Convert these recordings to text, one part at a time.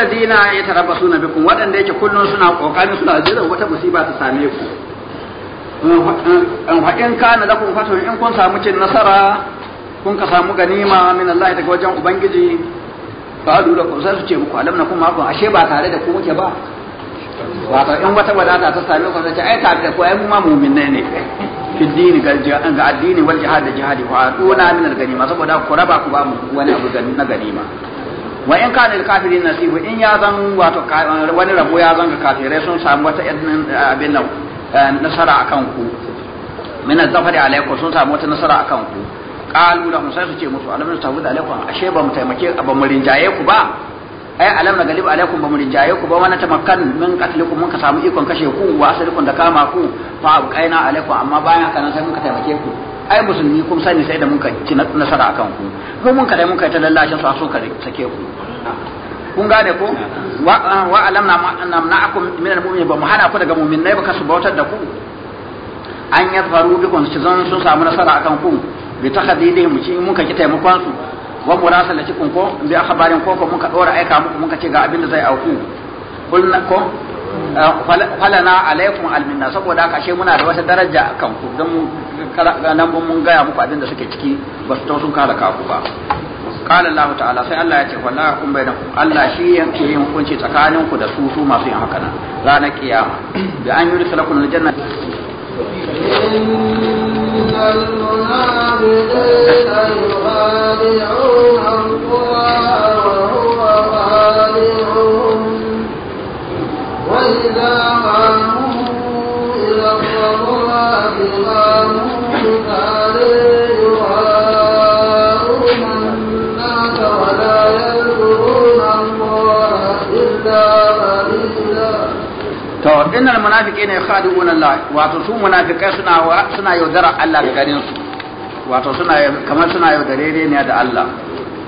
walladina yatarabbasuna bikum wadanda yake kullun suna kokarin suna jira wata musiba ta same ku an haƙin kana kun fatu in kun samu cin nasara kun ka samu ganima min Allah daga wajen ubangiji qalu lakum sai su ce muku alam kuma ma'akum ashe ba tare da ku muke ba wato in wata wadata ta same ku sai ce ai tare da ku ai mu ma mu'minai ne fi dini ga addini wal jihad da jihadi wa aduna min al ganima saboda ku raba ku ba mu wani abu na ganima wa in kana lil kafirin nasibu in ya zan wato wani rabo ya zan ga kafirai sun samu wata abin nan eh, nasara akan ku min zafari alaikum sun samu wata nasara akan ku qalu la musa su ce musu alam nastahud alaikum ashe ba mu taimake ba mu rinjaye ku ba ai alam na galib alaikum ba mu rinjaye ku ba wani tamakkan min qatlikum mun ka samu ikon kashe ku wa asalikum da kama ku fa abqaina alaikum amma bayan haka nan sai mun ka taimake ku ai musulmi kun sani sai da mun ci nasara akan ku ko mun kare mun kai ta lallashin su a so kare sake ku kun gane ko wa ah, alam na akum min al-mu'minin ba mu hana ku daga ne ba kasu bautar da ku an yadfaru bikun su zan sun samu nasara akan ku bi mu ci mun ka taimakon su wa murasalati kun ko bi akhbarin ko ko mun ka dora aika mu mun ka ce ga abin da zai auku kulna ko Eh, falana alaikum alminna saboda kashe muna da wata daraja a kanku don nan mun gaya muku abin da suke ciki ba su tausun kala kaku ba qala Allah ta'ala sai Allah ya ce wala kun bai Allah shi yake yin hukunci tsakanin ku da su su masu yin haka nan ranar kiyama bi an yuri salakun aljanna innal munafiqina yakhadi'una Allah wato su munafikai suna suna yaudara Allah da garin su wato suna kamar suna yaudare ne da Allah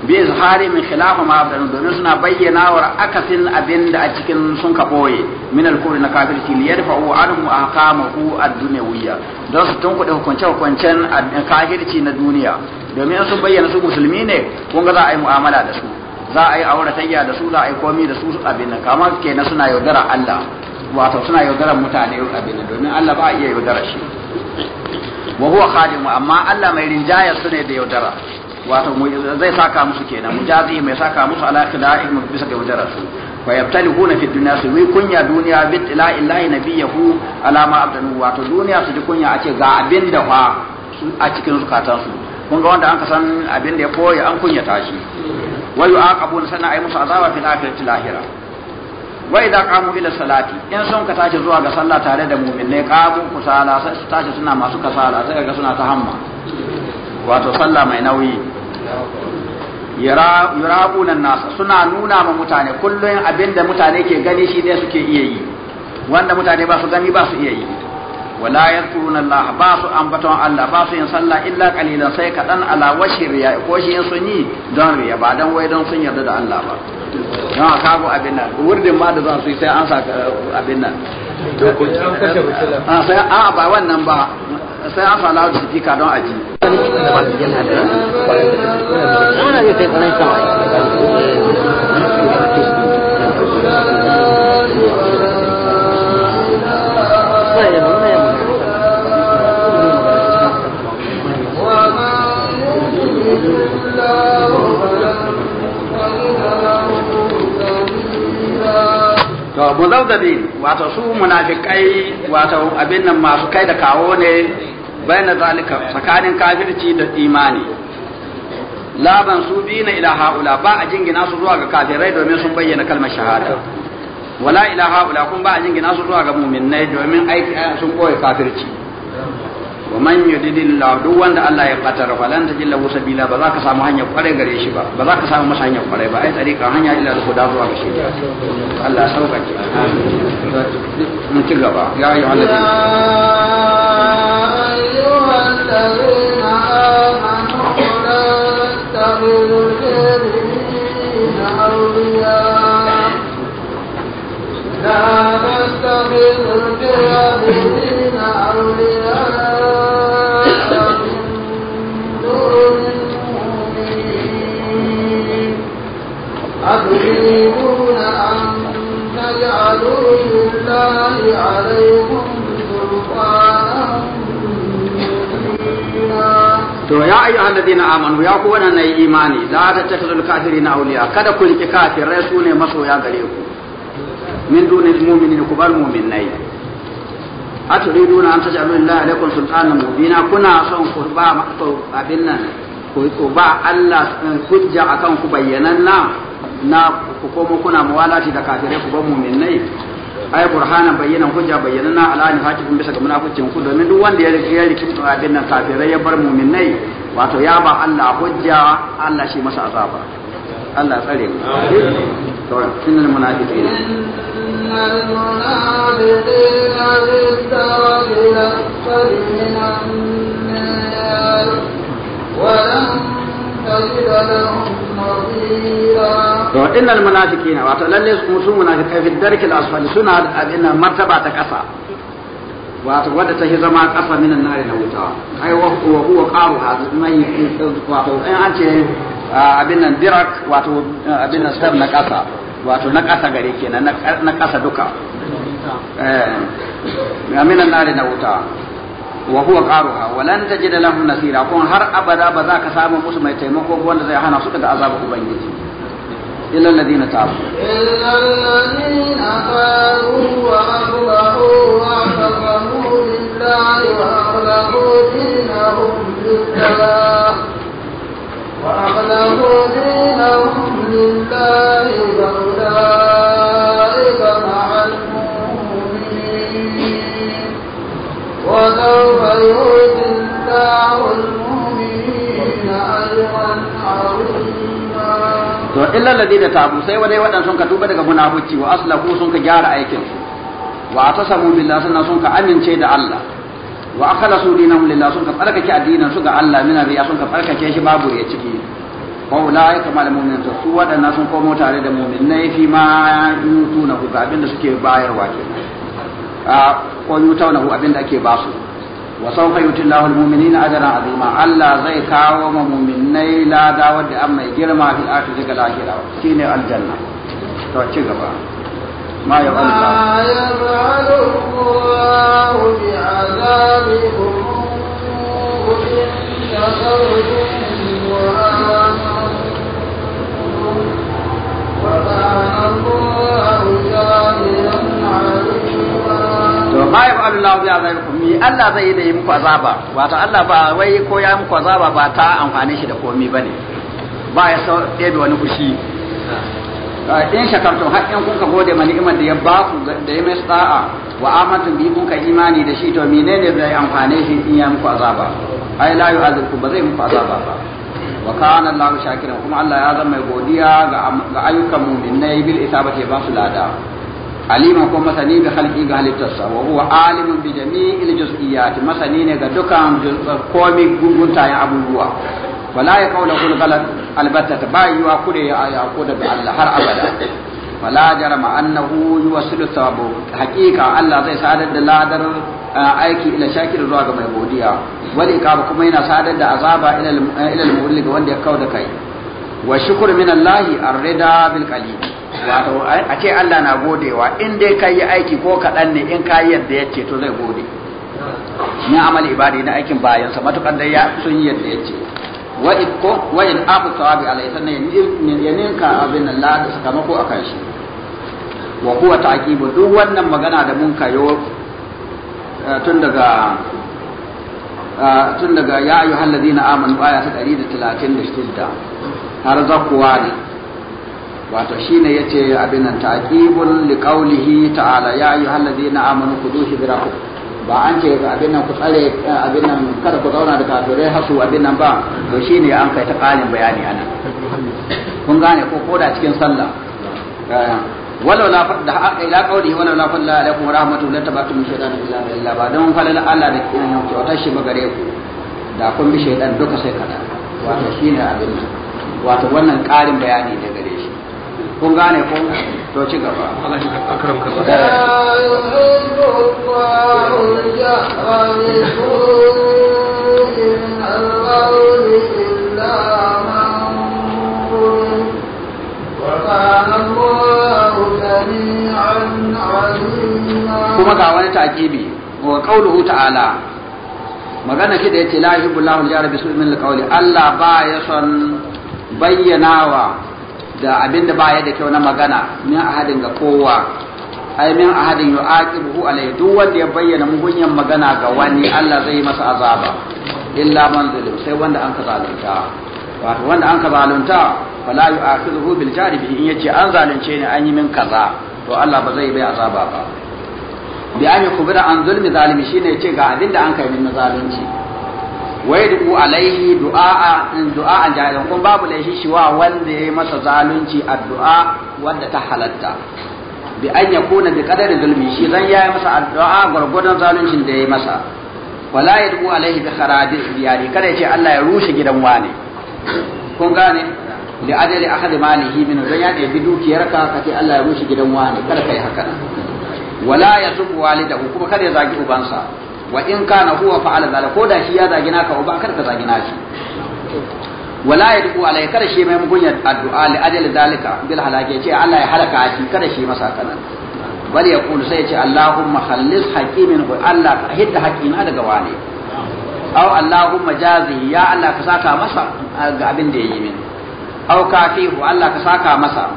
bi izhari min khilafa ma abdan domin suna bayyana wa akasin abin da a cikin sun ka boye min al-kufri na kafirci li yarfa'u anhu ahkamahu ad-dunyawiyya don su tunkuɗe hukunce hukuncen kafirci na duniya domin sun bayyana su musulmi ne kun ga za a yi mu'amala da su za a yi auratayya da su za a yi komi da su abin nan kama kenan suna yaudara Allah wato suna yaudara mutane abin nan domin Allah ba a iya yaudara shi wa huwa khalimu amma Allah mai rinjaya su ne da yaudara wato zai saka musu kenan mujazi mai saka musu ala khila'ihim bisa ga wajara su fa yabtalihuna fi dunya su wi kunya duniya bi ila illahi nabiyahu ala ma abdanu wato duniya su ji kunya a ce ga abin da fa a cikin zukatan su kun ga wanda an ka san abin da ya koya an kunya tashi wa yu'aqabuna sana ay musu azaba fil akhirati lahira wa idza qamu ila salati in sun ka tashi zuwa ga sallah tare da mu'minai qamu kusala sai su tashi suna masu kasala sai ga suna ta hamma wato sallah mai nauyi yarabunan nasa suna nuna ma mutane kullum abinda mutane ke gani shi ne suke iya yi wanda mutane ba su gani ba su iya yi wala yadkuruna Allah ba su ambaton Allah ba su yin sallah illa qalilan sai kadan ala washir ya ko shi in sun yi don riya ba dan wai don sun yarda da Allah ba don a kago abin nan wurdin ma da zan su sai an sa abin nan sai a ba wannan ba sai an sa lawa don aji yana da mukazzabin wato su munafikai wato abin nan masu kai da kawo ne bayan zalika tsakanin kafirci da imani laban su bina ila haula ba a jingina su zuwa ga kafirai domin sun bayyana kalmar shahada wala ila haula kun ba a jingina su zuwa ga mu'minnai domin aiki sun koyi kafirci man duk wanda Allah ya fatar falan tajid lahu sabila ba za ka samu hanya kware gare shi ba ba za ka samu masa hanya kware ba ai hanya illa zuwa ga Allah mun ci gaba ya لا تستغل أتريدون أن نجعل لله عليكم سلطانا to ya ayu alladina amanu ya ku wannan nayi imani la ta takhudul kafirina awliya kada ku riki kafirai su ne masoya gare ku min al mu'minin ku bar mu'minai aturiduna an taj'alu illa alaikum sultanan mubina kuna son ku ba abin nan ku ba Allah eh, hujja akan ku na. na ku komo kuna muwalati da kafirai ku bar mu'minai ai burhana bayyana hujja bayyana na alani hakifin bisa ga munafikin ku domin duk wanda ya rike ya da abin nan kafirai ya bar mu'minai wato ya ba Allah hujja Allah shi masa azaba Allah tsare mu to sunan to innal munafiqina wato lalle su munafiqai fi darkil asfali suna da abin martaba ta kasa wato wadda ta zama kasa minan nari na wuta ai wa huwa qaru hadu mai wato in an ce abin nan dirak wato abin nan sab na kasa wato na kasa gare kenan na kasa duka eh minan nari na wuta wa huwa qaruha wa lan tajida lahum nasira kun har abada ba za ka samu musu mai taimako wanda zai hana su daga azabar ubangiji إلا الذين تابوا إلا الذين تابوا وأصلحوا واعتصموا بالله وأخلصوا دينهم لله وأخلصوا دينهم لله فأولئك مع المؤمنين ولو يؤتي الله المؤمنين أجرا عظيما to illal ladina tabu sai wadai wadan sun ka tuba daga munafici wa aslahu sun ka gyara aikin su wa atasamu billahi sunna sun ka amince da Allah wa akhlasu dinahum lillah sun ka tsarkake addinin su ga Allah min riya sun ka tsarkake shi babu ya ciki wa ulai kama da mu'minin su wadannan sun komo tare da mu'minai fi ma yutuna ku ga abinda suke bayarwa ke a ko yutauna ku abinda ake basu wa sawfa yutillahu almu'minina ajran azima Allah zai kawo ma mu'minai lada wadda an mai girma fil akhirati ga lahira shine aljanna to ci gaba ma ya Allah ma ya fa'alu bi azabikum mi Allah zai yi da yi muku azaba wato Allah ba wai ko ya muku azaba ba ta shi da komai bane ba ya sau wani fushi ah. Ah, in shakartum har in gode ma ni'imar da ya ba ku da ya mai sa'a wa amantum bi imani da shi to menene zai amfane shi in ya muku azaba ai la kuma Allah ya zama mai godiya ga ayyukan mu'minai bil isabati ba su lada aliman ko masani bi khalqi ga halittarsa wa huwa alimun bi jami'il masani ne ga dukan komi gunguntayen abubuwa wala ya kaula kul galat albatta ba yiwa kure ya ko daga Allah har abada wala jarama annahu yuwasilu sawabu haqiqa Allah zai sadar da ladar aiki ila shakir zuwa ga mai godiya wali ka kuma yana sadar da azaba ila ila ga wanda ya kauda kai wa shukr min Allah ar-rida bil wato a ce Allah na godewa in dai ka yi aiki ko kaɗan ne in ka yi yadda ya ce to zai gode ni amal ibadi na aikin bayansa matukan da ya sun yi yadda ya ce wa ko wa in sawabi alai ne ya ninka abin nan la da sakamako kan shi wa kuwa ta'kibu duk wannan magana da mun kayo eh, tun daga eh, tun daga ya ayyuhal ladina amanu aya ta 136 har zakuwa ne wato shine yace abin nan taqibul liqaulihi ta'ala ya ayyuhallazina amanu zuhi hidrakum ba an ce abin nan ku tsare abin nan kada ku zauna da kafirai hasu abin nan ba to shine an kai ta kalin bayani anan kun gane ko koda cikin sallah eh, walau la fadda ila qawli walau la fadla alaikum rahmatu la tabatum shaytan illa ba don falal Allah da kiran wata shi magare ku da kun bi shaytan duka sai kada wato shine abin nan wato wannan ƙarin bayani da gare shi kun gane ko to ci gaba ka kuma ga wani takibi wa qauluhu ta'ala magana shi da yace la yuhibbu Allahu al su'min al-qawli Allah ba ya son bayyanawa da abin da baya da kyau na magana min ahadin ga kowa ai min ahadin yu'aqibuhu alai duk wanda ya bayyana mugunyan magana ga wani Allah zai masa azaba illa man zulim sai wanda an ka zalunta wato wanda an ka zalunta fala yu'aqibuhu bil jari in yace an zalunce ni an yi min kaza to Allah ba zai bai azaba ba bi an kubira an zulmi zalimi shine yace ga abin da an kai min zalunci wai duku alaihi du'a du'a jahilin kun babu laishi shi wa wanda yayi masa zalunci addu'a wanda ta halatta bi an yakuna bi qadari zulmi shi zan yayi masa addu'a gurgurdan zaluncin da yayi masa wala yadu alaihi bi kharabis diyari kada ya ce Allah ya rushe gidan wani kun gane da ajali akhadhi malihi min dan ya dukiyar dukiyarka kace Allah ya rushe gidan wani kada kai haka wala yasub walidahu kuma kada ya zagi ubansa wa in kana huwa fa'ala zalika ko da shi ya zagi naka uba kar ka zagi naki wala yadku alai kada shi mai mugunya addu'a li ajali zalika bil halaki ce Allah ya halaka shi kada shi masa kanan ya yaqul sai ce Allahumma khallis hakimin wa Allah hidda hakimin daga wane aw Allahumma jazi ya Allah ka saka masa ga abin da yayi min aw kafihu Allah ka saka masa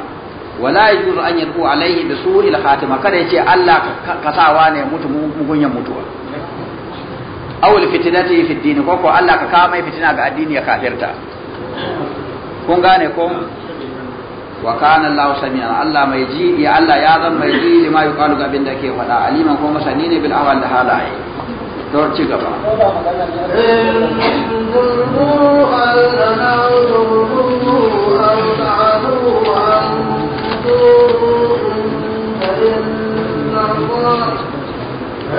wala yajuzu an yadu alaihi bi su'il khatima kada yace Allah ka sawa ne mutu mugunya mutuwa awul fitinati fi dini ko ko Allah ka kawo mai fitina ga addini ya kafirta kun gane ko wa kana Allah samian Allah mai ji ya Allah ya zan mai ji lima yuqalu ga da ke faɗa alima ko masani ne bil awal da halaye to ci gaba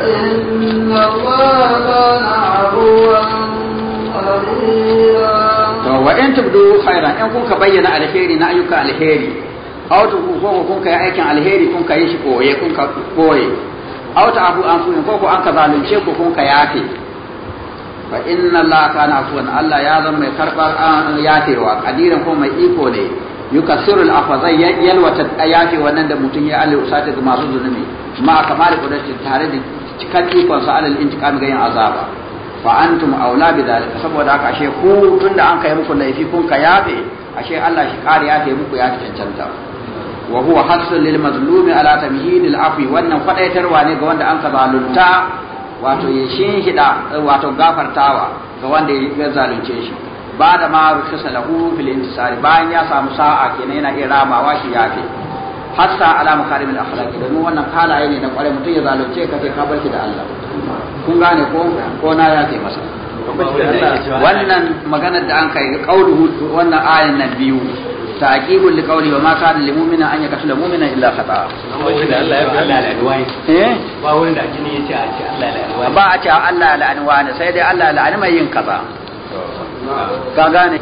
إن الله كان عفوا قديرا وإن تبدو خيرا إن كنت alheri الخير نأيك الخير aw ta ko kun kai aikin alheri kun ka yi shi koye kun ka koye aw ta abu an kun ko an ka zalunce ko kun ka yafe fa inna allaha kana afuwan allah ya zama mai karbar an ah, yafewa kadiran ko mai iko ne yukasiru al-afa zai yalwata yafe wannan da mutum ya sata daga masu zunubi ma kamar kudancin tare da cikar ikon sa alal intiqam ga yin azaba fa antum aula bi dalika saboda haka ashe ku tunda an kai muku laifi kun ka yabe ashe Allah shi kariya ta muku ya cancanta wa huwa hasul lil mazlumi ala tamhidil afi wannan fadaitarwa ne ga wanda an ka zalunta wato ya shinhida wato gafartawa ga wanda ya zalunce shi ba da ma rukisa lahu fil intisari bayan ya samu sa'a kenan yana iya ramawa shi yafe hasa ala makarim al akhlaq domin wannan halaye ne na kware mutum ya zalunce ka sai ka bar shi da Allah kun gane ko ko na ya ce masa wannan maganar da an kai qauluhu wannan ayan nan biyu ta'qibul li qawli wa ma kana lil mu'mina an yakatula mu'mina illa khata eh? ba wanda jini yace a ce Allah la alwani ba a ce Allah la alwani sai dai Allah la almai yin kaza ka gane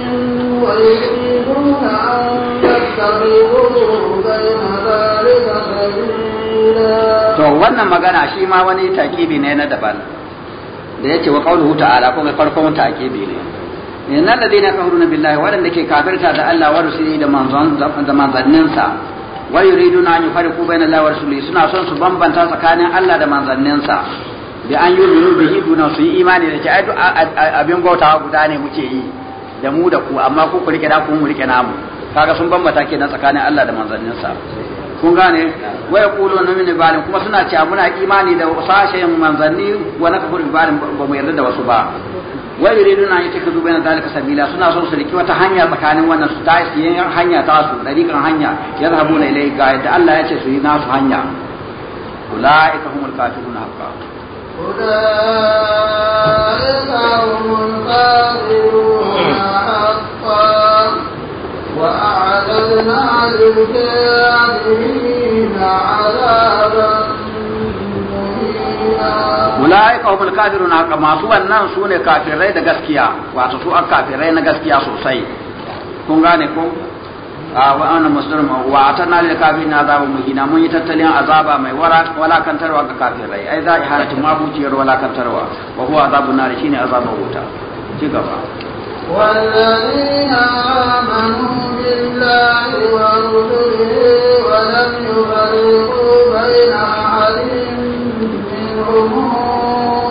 ويريدون أن يتخذوا بين ذلك سبيلا to wannan magana shi ma wani takibi ne na daban da yace wa qawluhu ta'ala kuma farkon takibi ne inna alladhina na billahi waɗanda ke kafirta da Allah wa rusuli da manzon da manzanninsa wa yuriduna an yufariqu bayna Allah wa rusuli suna son su bambanta tsakanin Allah da manzanninsa bi an yuminu bihi duna su yi imani da ke ai abin bautawa guda ne muke yi da mu da ku amma ku rike da ku mu rike namu kaga sun mataki na tsakanin Allah da manzanninsa kun gane waya kulo na min ibalin kuma suna cewa muna imani da sashen manzanni wa na kafur ibalin ba mu yarda da wasu ba wa yuridu na yake zuba na dalika sabila suna son su riki wata hanya tsakanin wannan su ta yi hanya ta su dariƙan hanya ya zahabu na ilai ga yadda Allah ya ce su yi nasu hanya ulaika humul kafirun haqqa ulaika humul kafirun للكافرين عذابا ulaika humul kafirun haka masu wannan su ne kafirai da gaskiya wato su an kafirai na gaskiya sosai kun gane ko a wannan musulun wa atanna lil kafirin azabun muhina mun yi tattalin azaba mai walakantarwa ga kafirai ai za a iharatu mabuciyar walakantarwa wa huwa azabun nar shine azabar wuta ci gaba والذين آمنوا بالله ورسله ولم يفرقوا بين أحد منهم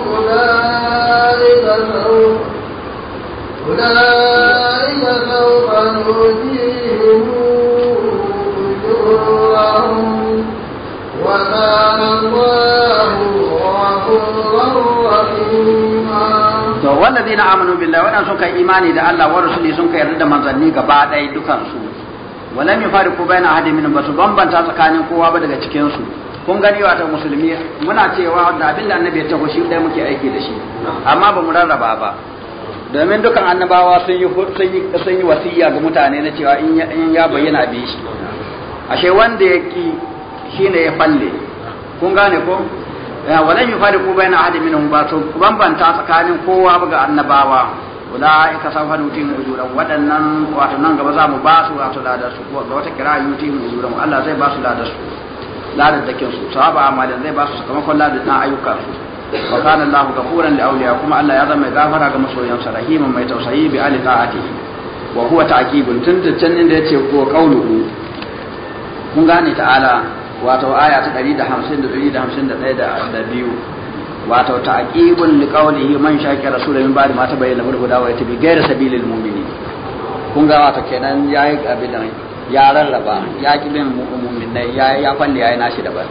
أولئك سوف أولئك سوف نؤتيهم أجورهم وكان الله غفورا رحيما to wallazina amanu billahi wadan suka yi imani da Allah wa rasuli sun yarda da manzanni gaba ɗaya dukan su walam yufariqu baina ahadin minhum basu bambanta tsakanin kowa ba daga cikin su kun gani ta musulmi muna cewa da abin da annabi ya taho shi ɗaya muke aiki da shi amma ba mu rarraba ba domin dukan annabawa sun yi sun yi wasiya ga mutane na cewa in ya bayyana bi shi ashe wanda ya ki shine ya falle kun gane ko walam yufariqu bayna ahadin minhum ba to bambanta tsakanin kowa ba ga annabawa ulaika sawfa nutim ujuran wadannan wato nan gaba za mu ba su wato ladar su ga wata kira yutim mu Allah zai ba su ladar su ladar da kinsu sahaba zai ba su sakamakon ladar na ayyukan su wa kana Allah ghafuran li awliya kuma Allah ya zama gafara ga masoyansa rahima mai tausayi bi ali ta'atihi wa huwa ta'qibun tun da can inda yace ko kaulu mun gane ta'ala wato aya ta 150 da 151 da biyu wato ta'qibun liqawlihi man shakara rasulun min ba'di ma tabayyana lahu huda wa bi ghayra sabilil mu'minin kun ga wato kenan yayi abin nan ya rarraba ya kibin mu'minin nan ya ya kwalle yayi nashi daban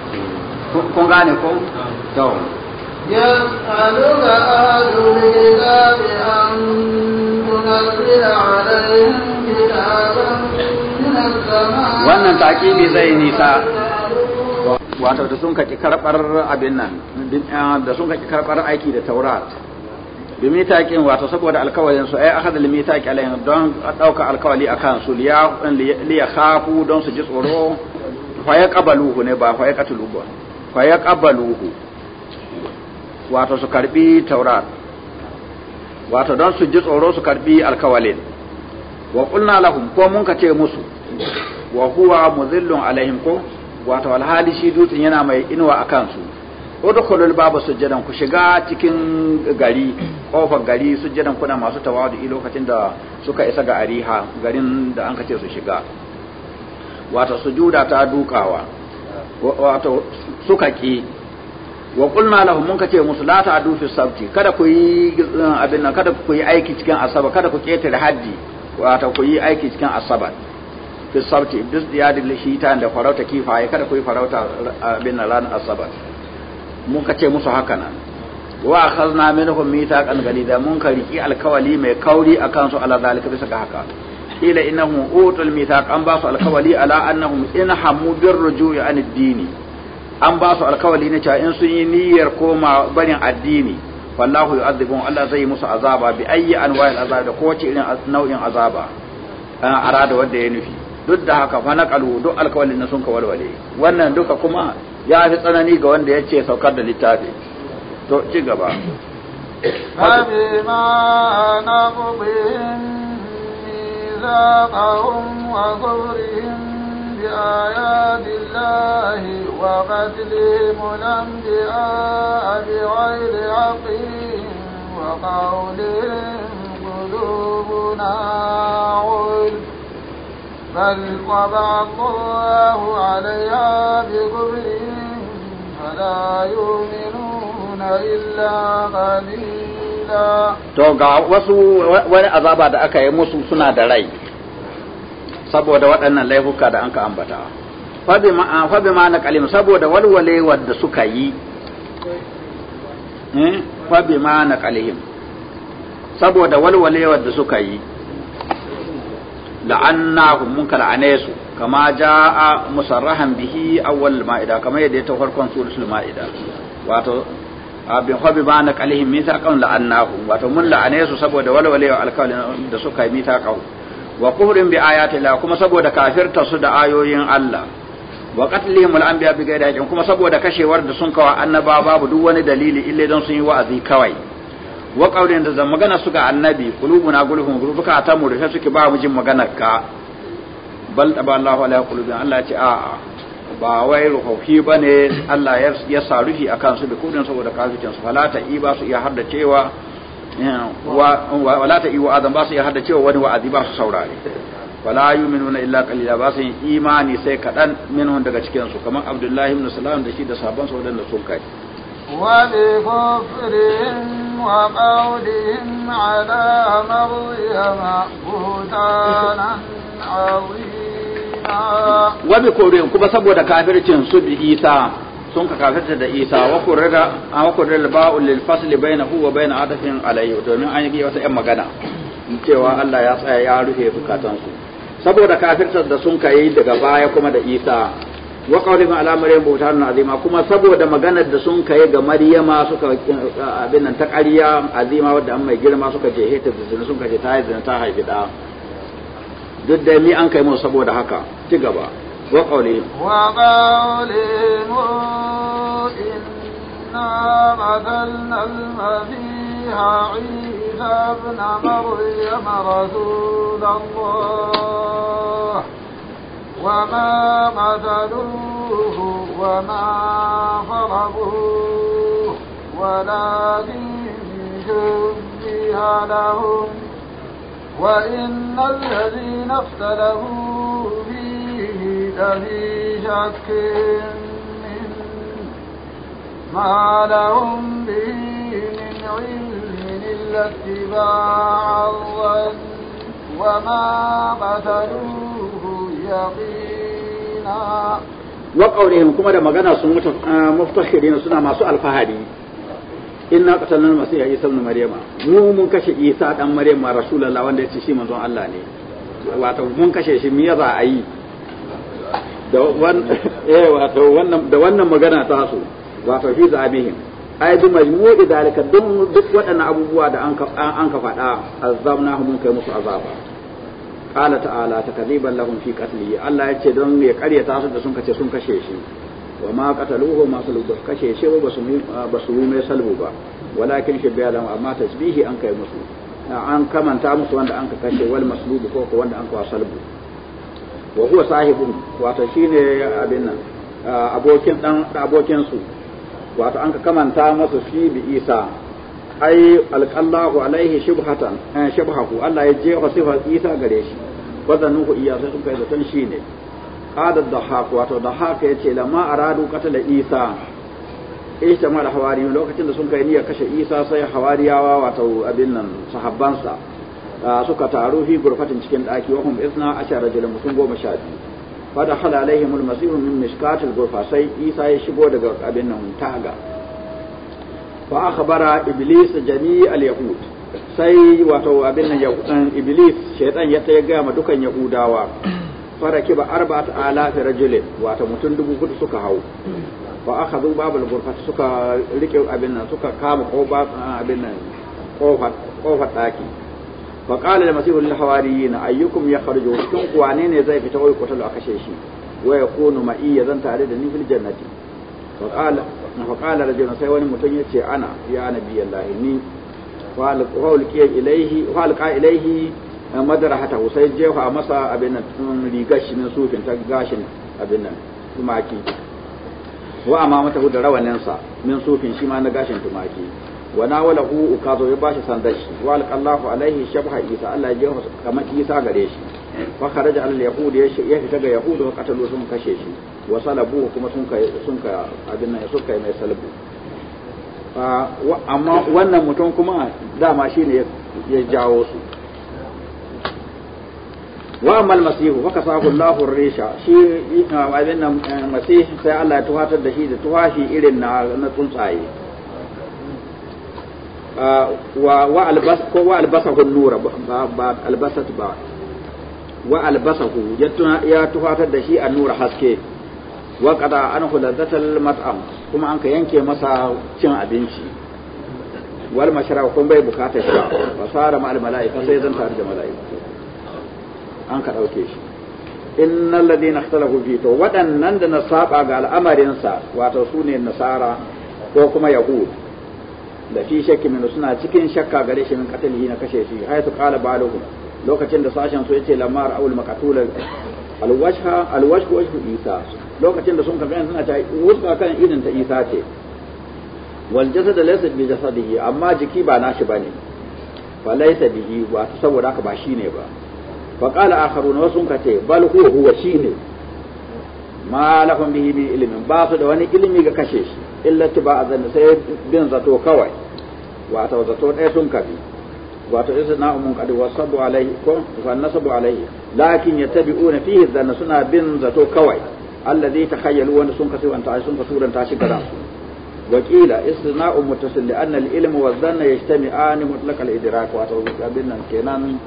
kun gane ko to yas'aluka ahlul kitabi an tunzila alaihim kitaban wannan ta'qibi zai nisa wato da sun kaki karɓar abin nan da sun kaki karɓar aiki da taurat bi mitaƙin wato saboda alkawalin su ai aka da limi limitaki alayhim don ɗauka alkawali a kansu liya khafu don su ji tsoro fa ya qabaluhu ne ba fa ya qatluhu fa ya qabaluhu wato su karɓi taurat wato don su ji tsoro su karɓi alkawalin wa qulna lahum ko mun ka ce musu wa huwa muzillun alaihim ko wato alhali shi dutsen yana mai inuwa a kansu udkhulul baba sujjadan ku shiga cikin gari kofar gari sujjadan kuna masu tawadu lokacin da suka isa ga ariha garin da an kace su shiga wato sujuda ta dukawa wato suka ki wa qulna lahum mun kace musu la adu fi sabti kada ku yi abin nan kada ku yi aiki cikin asaba kada ku ketare haddi wato ku yi aiki cikin asabar fi sabti duk diyadin lishitan da farauta kifaye kada ku yi farauta abin ran asabar mun ka ce musu haka nan wa akhazna minhum mithaqan ghalidha mun ka riki alkawali mai kauri akan su ala zalika bisa ga haka ila innahum utul mithaq an ba su alkawali ala annahum in hamu bir ruju'i an ad-dini an ba su alkawali ne cewa in sun yi niyyar koma barin addini wallahu yu'adhibuhum Allah zai musu azaba bi ayyi anwa'il azab da kowace irin nau'in azaba arada wanda ya nufi duk da haka fa naqalu duk alkawalin na sun ka wannan duka kuma ya fi tsanani ga wanda ya ce saukar da littafi to ci gaba فبما نقضهم ميثاقهم وكفرهم بآيات الله وقتلهم الأنبياء بغير حق وقولهم قلوبنا غلف بل طبع الله عليها بكفرهم فلا يؤمنون إلا قليلا to ga wasu wani azaba da aka yi musu suna da rai saboda waɗannan laifuka da an ka ambata fabi ma na kalim saboda walwalewar da suka yi eh, fabi saboda walwalewar da suka yi la'annahum mun kal'ane su kama jaa musarrahan bihi awwal ma'ida kama yadda ta farkon suratul ma'ida wato abin hobi ba na kalihim mithaqan la'annahum wato mun la'ane su saboda walwalewa alkawalin da suka yi mithaqan wa kufrin bi ayati la kuma saboda kafirta su da ayoyin Allah wa qatlihim al-anbiya bi ghayri kuma saboda kashewar da sun kawa annaba babu duk wani dalili illa don sun yi wa'azi kawai wa qawlin da magana suka annabi qulubuna gulhum gulubuka atamu da suke ba mu jin maganar ka bal ba Allahu alaihi qulubin Allah ya ce a'a ba wai ruhuhi bane Allah ya sa ruhi akan su bi kudin saboda kafircin su falata ba su iya hadda cewa wala ta iya adam ba su iya hada cewa wani wa'azi ba su saurare wala yu'minuna illa qalila ba su imani sai kadan minhum daga cikin su kamar Abdullahi ibn Salam da shi da sabon sa wadanda sun kai وبكفرهم وقولهم على مريم بهتانا عظيما وبكفرهم كما سبوا كافرتهم سب عيسى sun ka kafirta da isa wa kurrada an wa kurrada ba'ul lil fasli hu wa bain adafin alayhi domin an yi wata yan magana cewa Allah ya tsaya ya rufe bukatansu saboda kafirta da sun kai daga baya kuma da isa wa qawlihim ala maryam buhtanun azima kuma saboda maganar da sun kai ga maryama suka abin nan ta ƙarya azima wadda an mai girma suka je hita da sun suka ta yi zina ta haifi da duk da ni an kai mu saboda haka ci gaba wa qawlihim wa qawlihim inna badalna al-masiha ibn maryam وما قتلوه وما ضربوه ولكن شبه لهم وإن الذين اختلفوا فيه لفي شك ما لهم به من علم إلا اتباع الظن وما قتلوه يقينا وقولهم كما da magana sun mutu muftakhirin suna masu alfahari inna qatalna isa ibn maryama mu mun kashe isa dan maryama wanda yace shi manzon Allah ne wato mun kashe shi me yi da wannan da wannan magana ta su wato fi bi majmu'i dalika duk waɗannan abubuwa da an ka faɗa azabnahum kai musu azaba qala ta'ala takziban lahum fi qatlihi Allah ya ce don ya karyata su da sun kace sun kashe shi wa ma qataluhu ma salubu kashe shi ba su ba su mai salbu ba walakin shibbiya lahum amma tasbihi an kai musu an kamanta musu wanda an ka kashe wal maslubu ko ko wanda an ka salbu wa huwa sahibun wato shine abin nan abokin dan abokin su wato an ka kamanta masa shi bi Isa ai alqallahu alaihi shubhatan eh, shubhahu Allah ya jefa sifar Isa gare shi ku iya sai suka yi zaton shi ne qala dhahaq wato ce yace ma aradu qatala Isa ishtamal hawari lokacin da sun kai niyyar kashe Isa sai hawariyawa wato abin nan sahabbansa ah, suka taru fi gurfatin cikin daki wa hum isna ashara rajulun mutum goma sha biyu fa dakhala alaihim almasih min mishkatil alghurfa sai Isa ya shigo daga abin nan taga fa akhbara iblis jami'a al-yahud sai wato abin nan eh, iblis shaytan ya ta ga ma dukan yahudawa faraki ba arba'at alaf rajulin wato mutum dubu hudu suka hau fa akhadhu babul ghurfat suka rike abin nan suka kama ko ba abin nan kofar kofar daki fa qala lil masih lil hawariyin ayyukum ne zai fita wai kotalo a kashe shi wa yakunu ma'iyya zan tare da ni fa da rajulun sai wani mutum ya ce ana ya nabiyallahi ni fa alqa ilaihi fa madara hata sai jefa masa abin nan rigar shi na sufin ta gashin abin nan tumaki wa amamata da rawaninsa min sufin shi ma na gashin tumaki wa nawalahu ukazo ya bashi sandar shi wa alqallahu alaihi shabha isa Allah ya jefa kamar isa gare shi fa kharaja al yahud ya fita ga yahud wa qatalu sun kashe shi wa salabu kuma sun kai sun kai abin nan sun kai mai salabu ah, amma wannan mutum kuma dama shi ne ya jawo su wa amal masihu fa kasahu Allahu risha shi ah, abin nan eh, masih sai Allah ya tuhatar da shi da tuhashi irin na na tsuntsaye ah, wa wa albas ko wa albasahu nura ba albasat ba wa albasahu ya tuhatar da shi an nura haske wa qada anhu zatar mat'am kuma an ka yanke masa cin abinci wal mashara kun bai bukatar shi ba sara ma al sai zan tare da mala'iku an ka dauke shi innal ladina ikhtalafu fi to waɗannan da na saba ga al'amarin sa wato sune nasara ko kuma yahud da fi shakki min suna cikin shakka gare shi min na kashe shi hayatu qala baluhu lokacin da sashen su yace lamar awul maqatul alwajha alwajhu wajhu isa lokacin da sun ka yana suna cewa wuska kan irin ta isa ce wal jasad laysa bi jasadihi amma jiki ba nashi bane fa laysa bihi wa saboda haka ba shine ba fa qala akharu wa sun kace bal huwa huwa shine ma lahum bihi bi ilmin ba su da wani ilimi ga kashe shi illa tuba azan sai bin zato kawai wato zato ɗaya sun kafi wato isa na umun kadi sabu alaihi ko fa nasabu alaihi lakin yatabi'una fihi dhanna suna bin zato kawai allazi takhayyalu wanda sun kasu an sun kasu dan tashi gara wakila istina'u muttasil li anna al-ilm wa dhanna yajtami'an mutlaq al-idrak wa abin nan kenan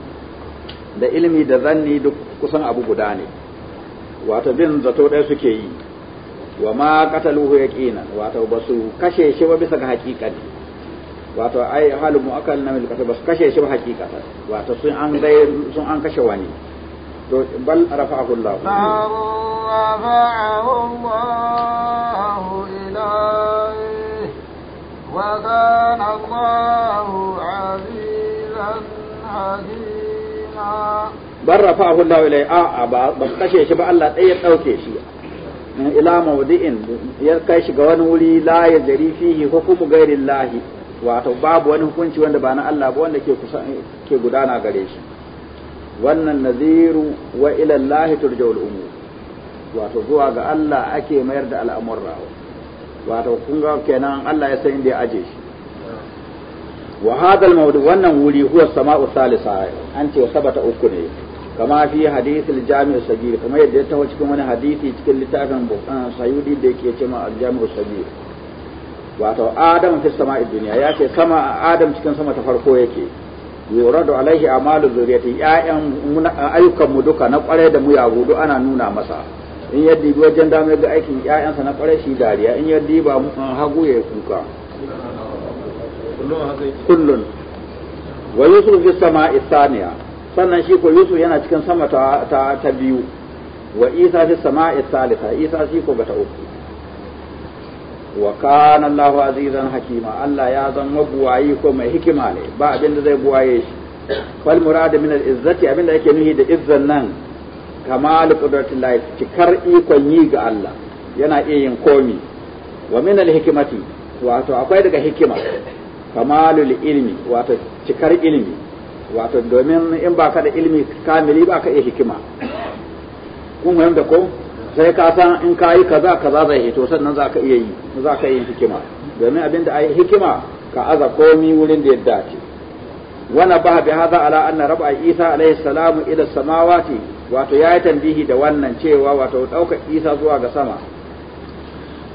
da ilmi da zanni duk kusan abu guda ne wato bin zato ɗaya suke yi wa ma qataluhu yaqinan wato ba su kashe shi ba bisa ga haƙiƙani wato ai halu mu'akkal na milkata ba su kashe shi ba haƙiƙata wato sun an sun an kashe wani to bal rafa'ahu Allah rafa'ahu Allah ilayhi wa kana Allah azizan ba kashe shi ba Allah ɗaya ya dauke shi ila mawdi'in ya kai shi ga wani wuri la ya jari fihi hukumu ghairi Allah wato babu wani hukunci wanda ba na Allah ba wanda ke gudana gare shi wannan naziru wa ila Allah turja'ul umur wato zuwa ga Allah ake mayar da al'amurra wato kun ga kenan Allah ya san inda ya aje shi wa hadha mawdu wannan wuri huwa sama'u salisa an ce sabata uku ne kama fi hadithul jami'u sagir kuma yadda ya taho cikin wani hadisi cikin littafin bukhari ah, sayyidi da yake cewa al-jami'u sagir wato adam fi sama'i dunya ya ce sama adam cikin sama ta farko yake yuradu alaihi amalu zuriyati ya'yan ayyukan mu duka na kware da mu ya gudu ana nuna masa in yaddi dibi wajen damar ga aikin 'ya'yansa na kware shi dariya in ba diba ah, hagu ya kuka kullun wa yusuf fi sama'i thaniya sannan shi ko yusuf yana cikin sama ta ta, biyu wa isa fi sama'i thalitha isa shi ko bata uku wa kana Allahu azizan hakima Allah ya zan mabuwayi ko mai hikima ne ba abin da zai buwaye shi fal murad min al izzati abin da yake nuhi da izzan nan kamal cikar ikon yi ga Allah yana iya yin komi wa min al hikmati wato akwai daga hikima kamalul ilmi wato cikar ilmi wato domin in baka da ilmi kamili baka iya hikima kun da ko sai ka san in ka yi kaza kaza zai hito sannan za ka iya yi za ka yi hikima domin abin da ai hikima ka aza komi wurin da ya dace wana ba bi haza ala anna rab'a isa alaihi salamu ila samawati wato yayi tambihi da wannan cewa wato dauka isa zuwa ga sama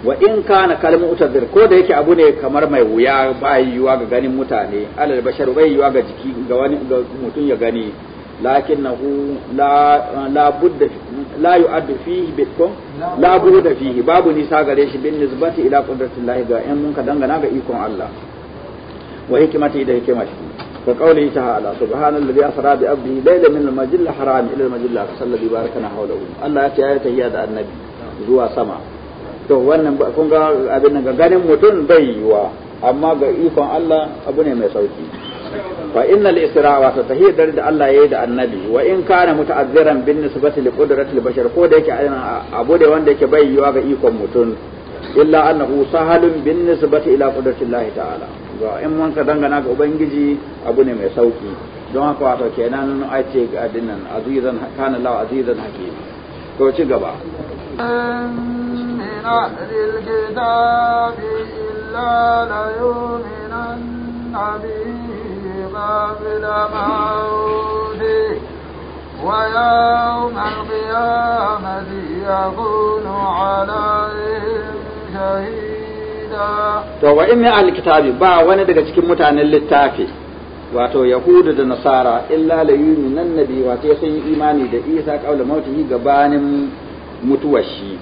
wa in kana kalmu utazir ko da yake abu ne kamar mai wuya ba yiwuwa ga ganin mutane alal bashar bai yiwuwa ga jiki ga wani mutum ya gani lakinnahu la la budda la yu'addu fihi bitkum la budda fihi babu nisa gare shi bin nisbati ila qudratillahi ga in mun ka dangana ga ikon Allah wa hikimati da hikima shi ka kauli ta'ala subhanallazi asra bi abdihi layla min al-majil haram ila al-majil aqsa alladhi barakana hawlahu Allah ya ce ya tahiyya da annabi zuwa sama to wannan kun ga abin ga ganin mutum bai yiwa amma ga ikon Allah abu ne mai sauki fa innal isra wa ta tahiyyar da Allah yayi da annabi wa in kana muta'azziran bin nisbati li qudratil bashar ko da yake abu da wanda yake bai yiwa ga ikon mutum illa annahu sahalun bin nisbati ila Allah ta'ala ga in mun ka dangana ga ubangiji abu ne mai sauki don haka wato kenan a ce ga dinnan azizan kana law azizan hakim to ci gaba إلا ليؤمنن به من موته ويوم القيامة يكون عليهم شهيدا to wa in الكتاب kitabi ba wani daga cikin mutanen littafi wato yahudu da nasara illa la yuminan nabi wato sun yi imani da isa qaula mautihi gabanin mutuwar shi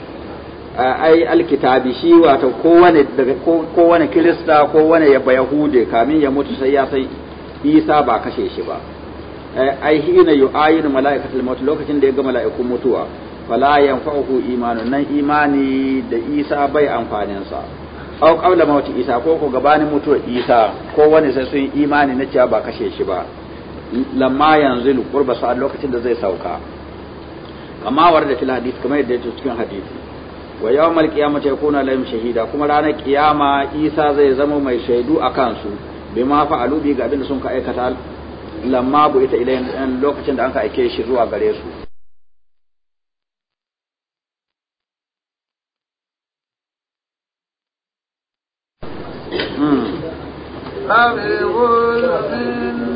ai alkitabi shi wato kowane daga kowane kirista kowane yaba yahude kamin ya mutu sai ya sai isa ba kashe shi ba eh, ai hina yu'ayinu mala'ikatul maut lokacin da ya ga mala'ikun mutuwa fala yanfa'uhu imanu nan imani da isa bai amfanin sa aw qabla mauti isa ko ko gabanin mutuwar isa ko wani sai sun imani na cewa ba kashe shi ba lamma yanzu qurba sa lokacin da zai sauka kama warda fil hadith kamar yadda yake cikin hadisi wa yawmal qiyamati yakuna lahum shahida kuma ranar qiyama isa zai zama mai shaidu akan su bima fa'alu bi ga abin da sun ka aikata lamma bu ita ilayhim lokacin da an ka aike shi zuwa gare su أبلغ hmm.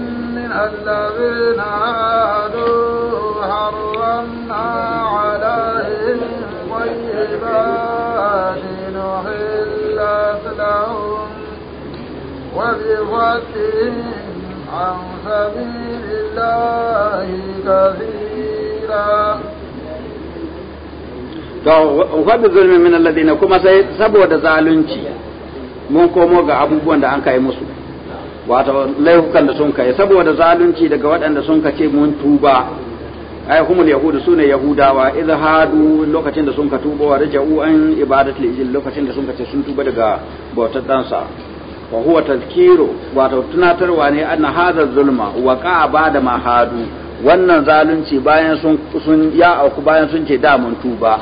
عن سبيل الله كثيرا to wabi zulmi min alladina kuma sai saboda zalunci mun komo ga abubuwan da an kai musu wato laifukan da sun kai saboda zalunci daga waɗanda sun kace mun tuba ai humul yahudu sune yahudawa idh hadu lokacin da sun ka tuba wa raja'u an ibadatul ijil lokacin da sun kace sun tuba daga bautar dansa wa huwa tazkiru wato tunatarwa ne anna hadha zulma wa qa'a ba'da ma hadu wannan zalunci bayan sun sun ya auku bayan sun ce da mun tuba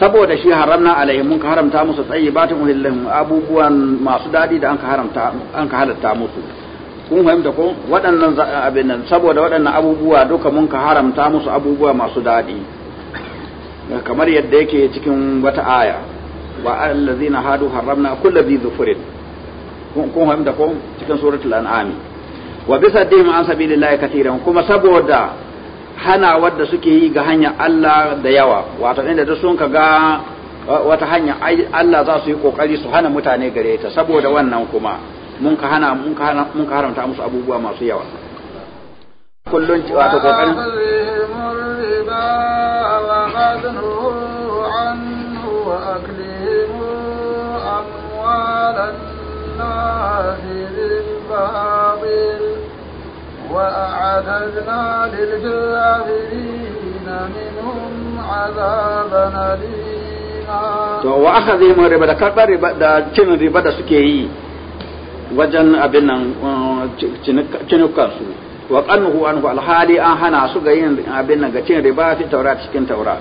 saboda shi haramna alaihim mun haramta musu tsayyibatin uhillahum abubuwan masu dadi da anka haramta anka halatta musu kun fahimta ko waɗannan abin nan saboda waɗannan abubuwa duka mun ka haramta musu abubuwa masu dadi kamar yadda yake cikin wata aya wa allazina hadu haramna kullu dhi dhufrin kun kun hamda ko cikin suratul an'am wa bi saddihim an sabilillahi katiran kuma saboda hana wadda suke yi ga hanya Allah da yawa wato inda duk sun ga wata hanya Allah za su yi kokari su hana mutane gare ta saboda wannan kuma mun ka hana mun ka hana mun ka haramta musu abubuwa masu yawa kullun wato kokarin وأكل على الناس بالباطل وأعتدنا للكافرين منهم da karɓar riba da suke yi wajen abin nan uh, cinukansu wa qanuhu anhu alhali an hana su ga yin abin nan ga cin riba fi taurat cikin taurat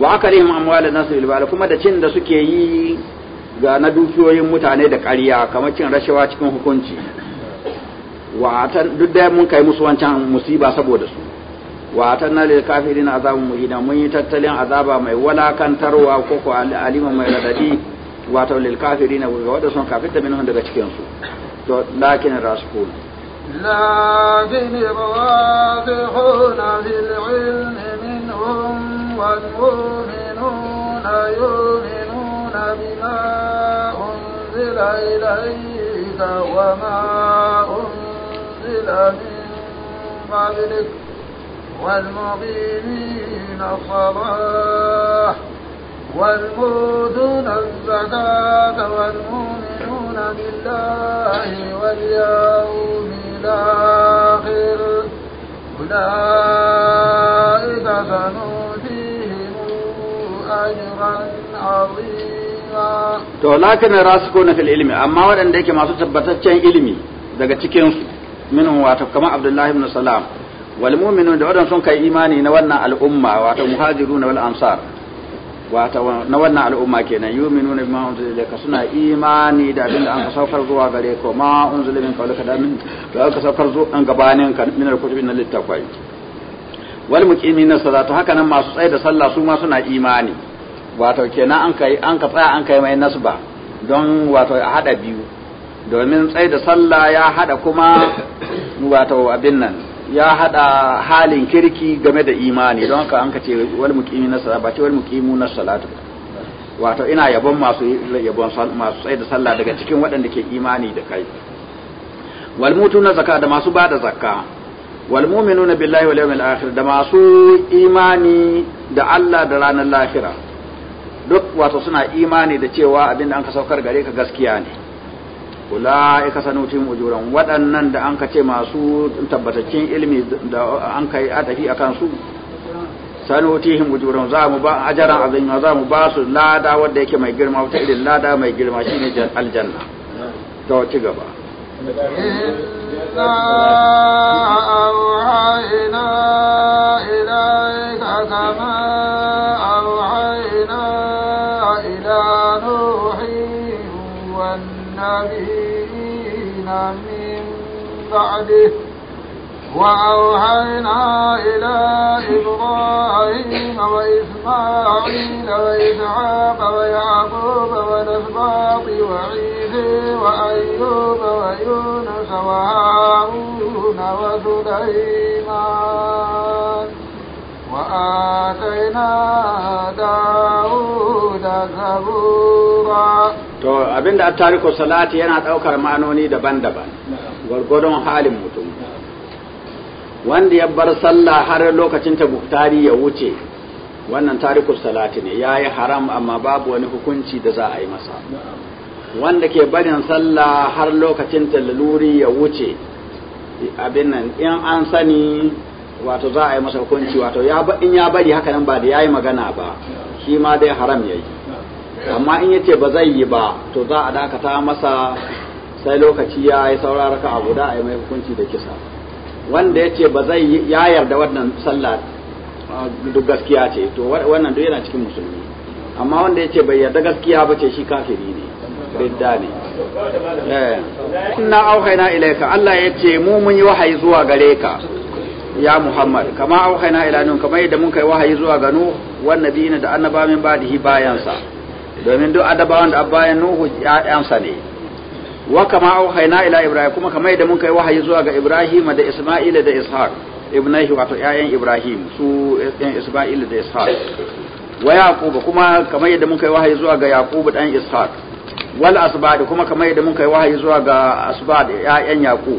wa aka rihim amwal nasu bil kuma da cin da suke yi ga na dukiyoyin mutane da ƙarya kamar cin rashawa cikin hukunci watan duk da mun kai musu wancan musiba saboda su watan na lil kafirin azabun muhina mun yi tattalin azaba mai walakantarwa ko ko alima mai radadi wato lil kafirin ga wata sun da minhum daga cikin su to lakin rasul لكن يؤمنون بما أنزل إليك وما أنزل من قبلك والمقيمين الصلاة والمؤتون الزكاة والمؤمنون بالله واليوم الآخر أولئك سنؤتيهم أجرا عظيما to lakin rasikuna fil ilmi amma waɗanda yake masu tabbataccen ilimi daga cikin su minhu wato kamar abdullahi ibn salam wal mu'minu da waɗanda sun kai imani na wannan al'umma wato muhajiruna wal ansar wato na wannan al'umma kenan yu'minuna bima unzila ilayka suna imani da abin da an saukar zuwa gare ka ma unzila min qablika da min to aka saukar zuwa an gabanin ka min al-kutubi na littafai wal muqimina salatu haka nan masu tsaye da sallah su ma suna imani wato kenan an kai an ka tsaya an kai mai nasba don wato a hada biyu domin tsai da sallah ya hada kuma wato abin nan ya hada halin kirki game da imani don ka an ka ce wal muqimi na sallah ba ce wal muqimu na salatu wato ina yabon masu yabon masu tsai da sallah daga cikin waɗanda ke imani da kai wal na zakka da masu bada zakka billahi wal yawmil akhir da masu imani da Allah da ranar lahira duk wato suna imani da cewa abinda an ka saukar gare ka gaskiya ne ula'ika sanutin ujuran waɗannan da an ka ce masu tabbatacin ilimi da an ka yi atafi a kansu sanutihim ujuran za mu ba ajaran za mu ba su lada wanda yake mai girma wata irin lada mai girma shine aljanna to ci gaba سليمان وآتينا داود زبورا to abinda at salati yana daukar ma'anoni daban-daban gwargwadon halin mutum wanda ya bar sallah har lokacin ta buktari ya wuce wannan tariku salati ne yayi haram amma babu wani hukunci da za a yi masa wanda ke barin sallah har lokacin ta laluri ya wuce abin nan in an sani wato za a yi masa hukunci wato in ya bari haka nan ba da ya yi magana ba shi ma dai haram ya yi amma in ya ba zai yi ba to za a dakata masa sai lokaci ya yi sauraraka a guda a yi mai hukunci da kisa wanda ya ba zai ya yarda wannan sallah duk gaskiya ce to wannan duk yana cikin musulmi amma wanda ya bai yarda gaskiya ba ce shi kafiri ne ridda ne Eh. inna aukaina ilaika Allah ya ce mu mun yi wahayi zuwa gare ka ya Muhammad kama aukaina ila nun kamar yadda mun kai wahayi zuwa ga Nuh wan nabiyina da annaba min dihi bayan sa domin duk adabawan da bayan Nuhu sa ne wa kama aukaina ila Ibrahim kuma kamar yadda mun kai wahayi zuwa ga Ibrahim da isma'il da Ishaq ibnahi wato yayan Ibrahim su ƴaƴan isma'il da Ishaq wa Yaqub kuma kamar yadda mun kai wahayi zuwa ga Yaqub dan Ishaq wal asbad kuma kamar yadda mun kai wahayi zuwa ga asbad ya'yan yaqo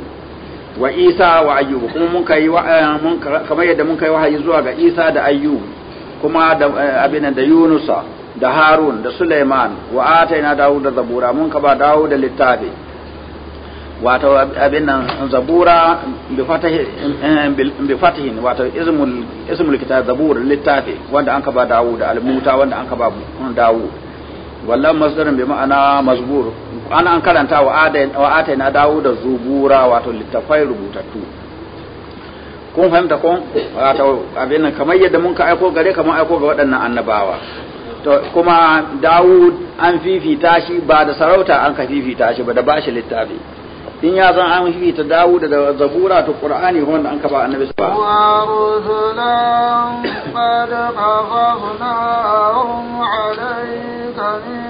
wa isa wa ayyub kuma mun kai eh, mun kamar yadda mun kai wahayi zuwa ga isa da ayyub kuma da eh, abinan da yunusa da harun da suleiman wa ataina dawud da zabura mun ka ba dawud da littafi wato abinan zabura bi fatahin eh, bi fatahin wato ismul ismul kitab zabur littafi wanda an ka ba dawud al-muta wanda an ka ba dawud wallan masdarin bi ma'ana mazbur an an karanta wa adai wa atai na dawo da zubura wato littafai rubutattu kun fahimta kun wato abin nan kamar yadda mun ka aiko gare kamar aiko ga waɗannan annabawa to kuma Dawud an fifita shi ba da sarauta an ka fifita shi ba da bashi littafi in ya zan an fifita Dawud da Zabura to Qur'ani wanda an ka ba annabi sa wa ba. qad qafafnahum alayhi من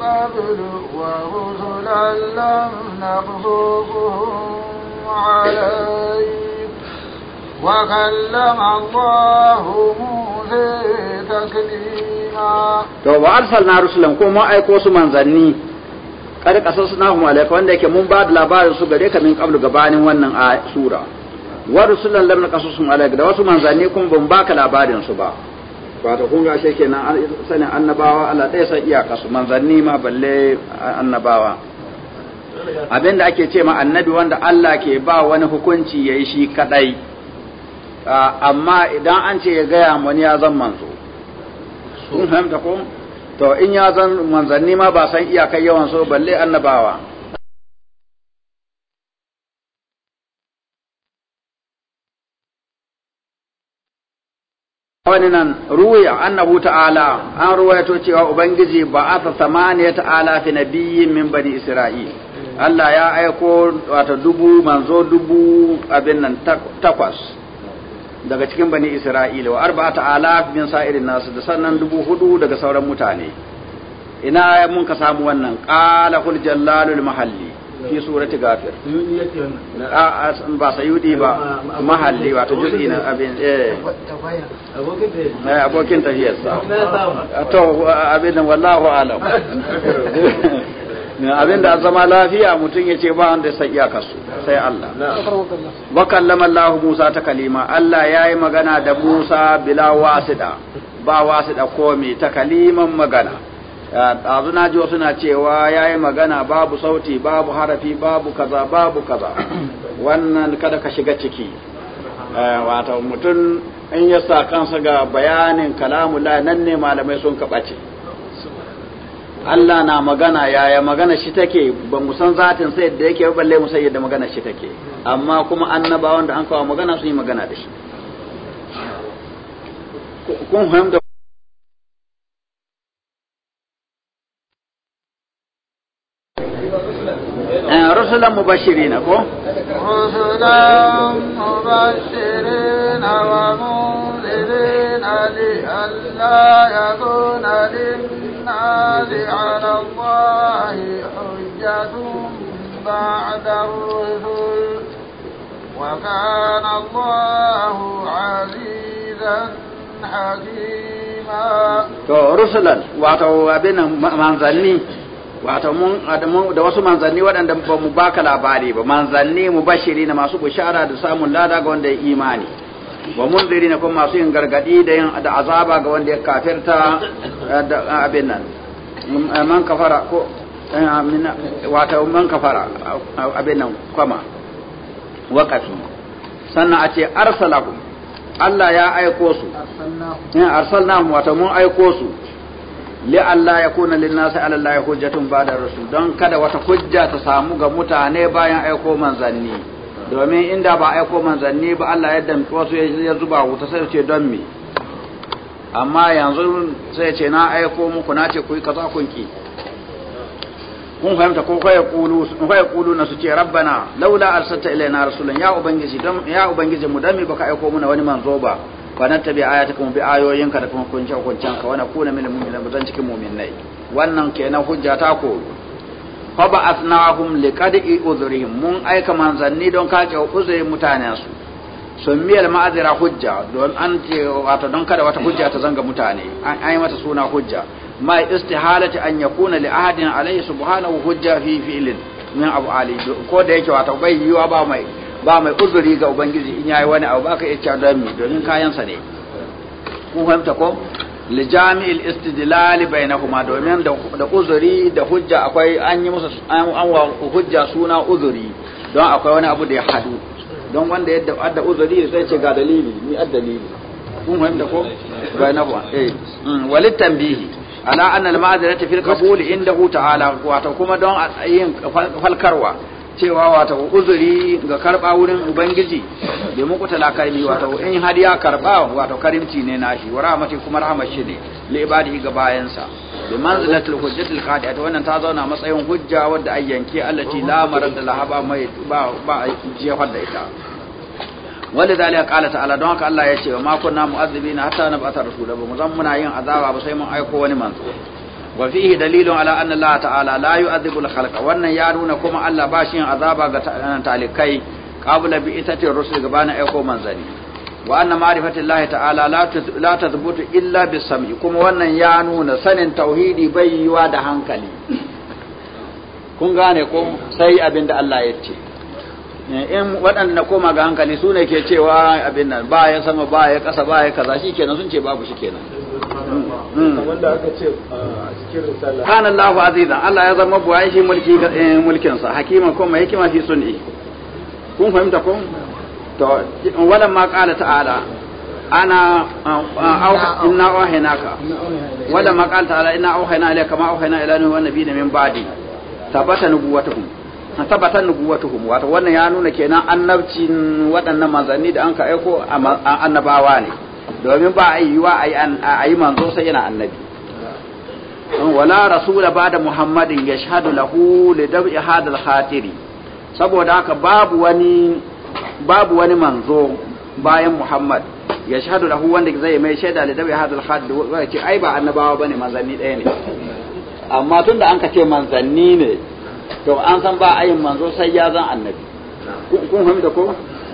قبل ورسلا لم نقصوهم عليك وكلم الله موسى تكليما to wa arsalna rusulan ko mun aiko su manzanni kad qasasnahum alayka wanda yake mun ba da labarin su gare ka min qablu gabanin wannan sura wa rusulan lam naqasasum alayka da wasu manzanni kuma ban baka labarin su ba ba kun kunga shi kenan sanin annabawa Allah ɗaya san iyaka su manzanni ma balle annabawa abin da ake ce ma annabi wanda Allah ke ba wani hukunci ya yi shi kaɗai. amma idan an ce ya gaya wani ya zan manzo sun fahimta ko to in ya zan manzanni ma ba san iyakai yawan so balle annabawa wani nan ruwiya annabu ta'ala an ruwayato cewa ubangiji ba a ta samaniya ta'ala fi nabiyyin min bani isra'il Allah ya aiko wata dubu manzo dubu abin nan takwas daga cikin bani isra'ila wa arba ta'ala min sa'irin nasu da sannan dubu hudu daga sauran mutane ina mun ka samu wannan qala hul jallalul mahalli fi surati gafir a ba sayudi ba mahalli wato juz'i na abin eh abokin tafiyar eh, sa to abin nan wallahu alam abin da zama lafiya mutum ya ce ba wanda sai iyaka kasu sai Allah wa kallama Allah Musa ta kalima Allah yayi magana da Musa bila wasida ba wasida ko me ta kaliman magana Eh, azuna jiwa suna cewa ya yi magana babu sauti babu harafi babu kaza babu kaza wannan kada ka shiga ciki eh, wata mutum in ya sa kansa ga bayanin kalamula nan ne malamai sun kaɓace Allah na magana yaya magana shi take ba mu san zatin sai da yake balle mu sai yadda magana shi take amma kuma annabawan da an kawo magana sun yi magana da shi kun fahimta rusulan mubashirina ko rusulan mubashirina wa munzirina li alla yakuna wato mun da wasu manzanni waɗanda ba mu baka labari ba manzanni mu bashiri na masu bushara da samun lada ga wanda ya imani wa munziri na kuma masu yin gargadi da yin da azaba ga wanda ya kafirta eh, da eh, abin nan mm, eh, man kafara ko wato man kafara abin nan kuma waqafi sannan a ce arsalahum Allah ya aiko su arsalnahum wato mun aiko su li'alla yakuna lin-nasi 'ala Allahi hujjatun ba'da rasul don kada wata hujja ta samu ga mutane bayan aiko manzanni domin inda ba aiko manzanni ba Allah ya damƙi wasu ya zuba wuta sai ce don me amma yanzu sai ce na aiko muku na ce ku yi kaza kun ki kun fahimta ko kai kulu sun kai kulu na su ce rabbana laula arsalta ilaina rasulan ya ubangiji don ya ubangiji mu dan me baka aiko muna wani manzo ba wa nattabi ayatakum bi ayoyinka da kuma kunce ka wa kuna min mu'minin mu zan cikin mu'minai wannan kenan hujja ta ko fa ba'athnahum liqad'i udhrihim mun aika manzanni don kace uzurin mutanen su sun miyal ma'azira hujja don an ce wato don kada wata hujja ta zanga mutane an ai mata suna hujja ma istihalati an yakuna li ahadin alayhi subhanahu hujja fi fi'lin min abu ali ko da yake wato bai yiwa ba mai ba mai uzuri ga ubangiji in yayi wani abu baka iya cewa don mi domin kayansa ne kun fahimta ko li jami'il istidlal bainahuma domin da uzuri da hujja akwai an yi musu an wa hujja suna uzuri don akwai wani abu da ya hadu don wanda yadda adda uzuri sai ce ga dalili ni adda dalili kun fahimta ko bainahuma eh mm, walit tanbihi ala anna al ma'adara fil qabul indahu ta'ala wato kuma don yin falkarwa cewa wata uzuri ga karba wurin ubangiji da muku talakarmi wata in har ya karba wata karimci ne nashi wa rahmati kuma rahmashi ne li ibadi ga bayansa bi manzilatul hujjatul qadi'at wannan ta zauna matsayin hujja wadda ai yanke allati la marad da lahaba mai ba ba jefar da ita wanda zalika qala ta'ala don haka Allah ya ce ma kunna mu'azzibina hatta nab'atha rasula ba mu zan muna yin azaba ba sai mun aiko wani manzo wa fihi dalilun ala anna Allah ta'ala la yu'adhibu al-khalqa wannan ya nuna kuma Allah ba shi yin azaba ga eh, talikai qabla bi itati rusul gabanin aiko manzani wa anna ma'rifati Allah ta'ala la tathbutu illa bi sam'i kuma wannan ya nuna sanin tauhidi bai yiwa da hankali kun gane ko sai abinda Allah ya ce eh, in waɗanda koma ga hankali su ne ke cewa abin nan ba ya sama ba ya ƙasa ba ya kaza shi kenan sun ce babu shi kenan wanda aka ce uh, a cikin risala kana Allah azizan Allah ya zama buwaye shi mulki eh, mulkin sa ko mai hikima fi sunni kun fahimta ko? to walan ma qala ta'ala ana uh, uh, inna auhaynaka walan ma qala ta'ala inna auhayna ilayka kama auhayna ila nuhin wan nabiyina min ba'di tabata nubuwatuhum tabbatar nubuwatuhum wato wannan ya nuna kenan annabcin waɗannan manzanni da an ka aiko annabawa ne domin ba a yi wa a yi manzo sai yana annabi wala rasula ba da muhammadin ya shahadu lahu li dab'i hadal khatiri saboda haka babu wani babu wani manzo bayan muhammad ya shahadu lahu wanda zai mai shaida li dab'i hadal khatiri wai ce ai ba annabawa bane manzanni ɗaya ne amma tunda an ka ce manzanni ne to an san ba ayin manzo sai ya zan annabi kun fahimta ko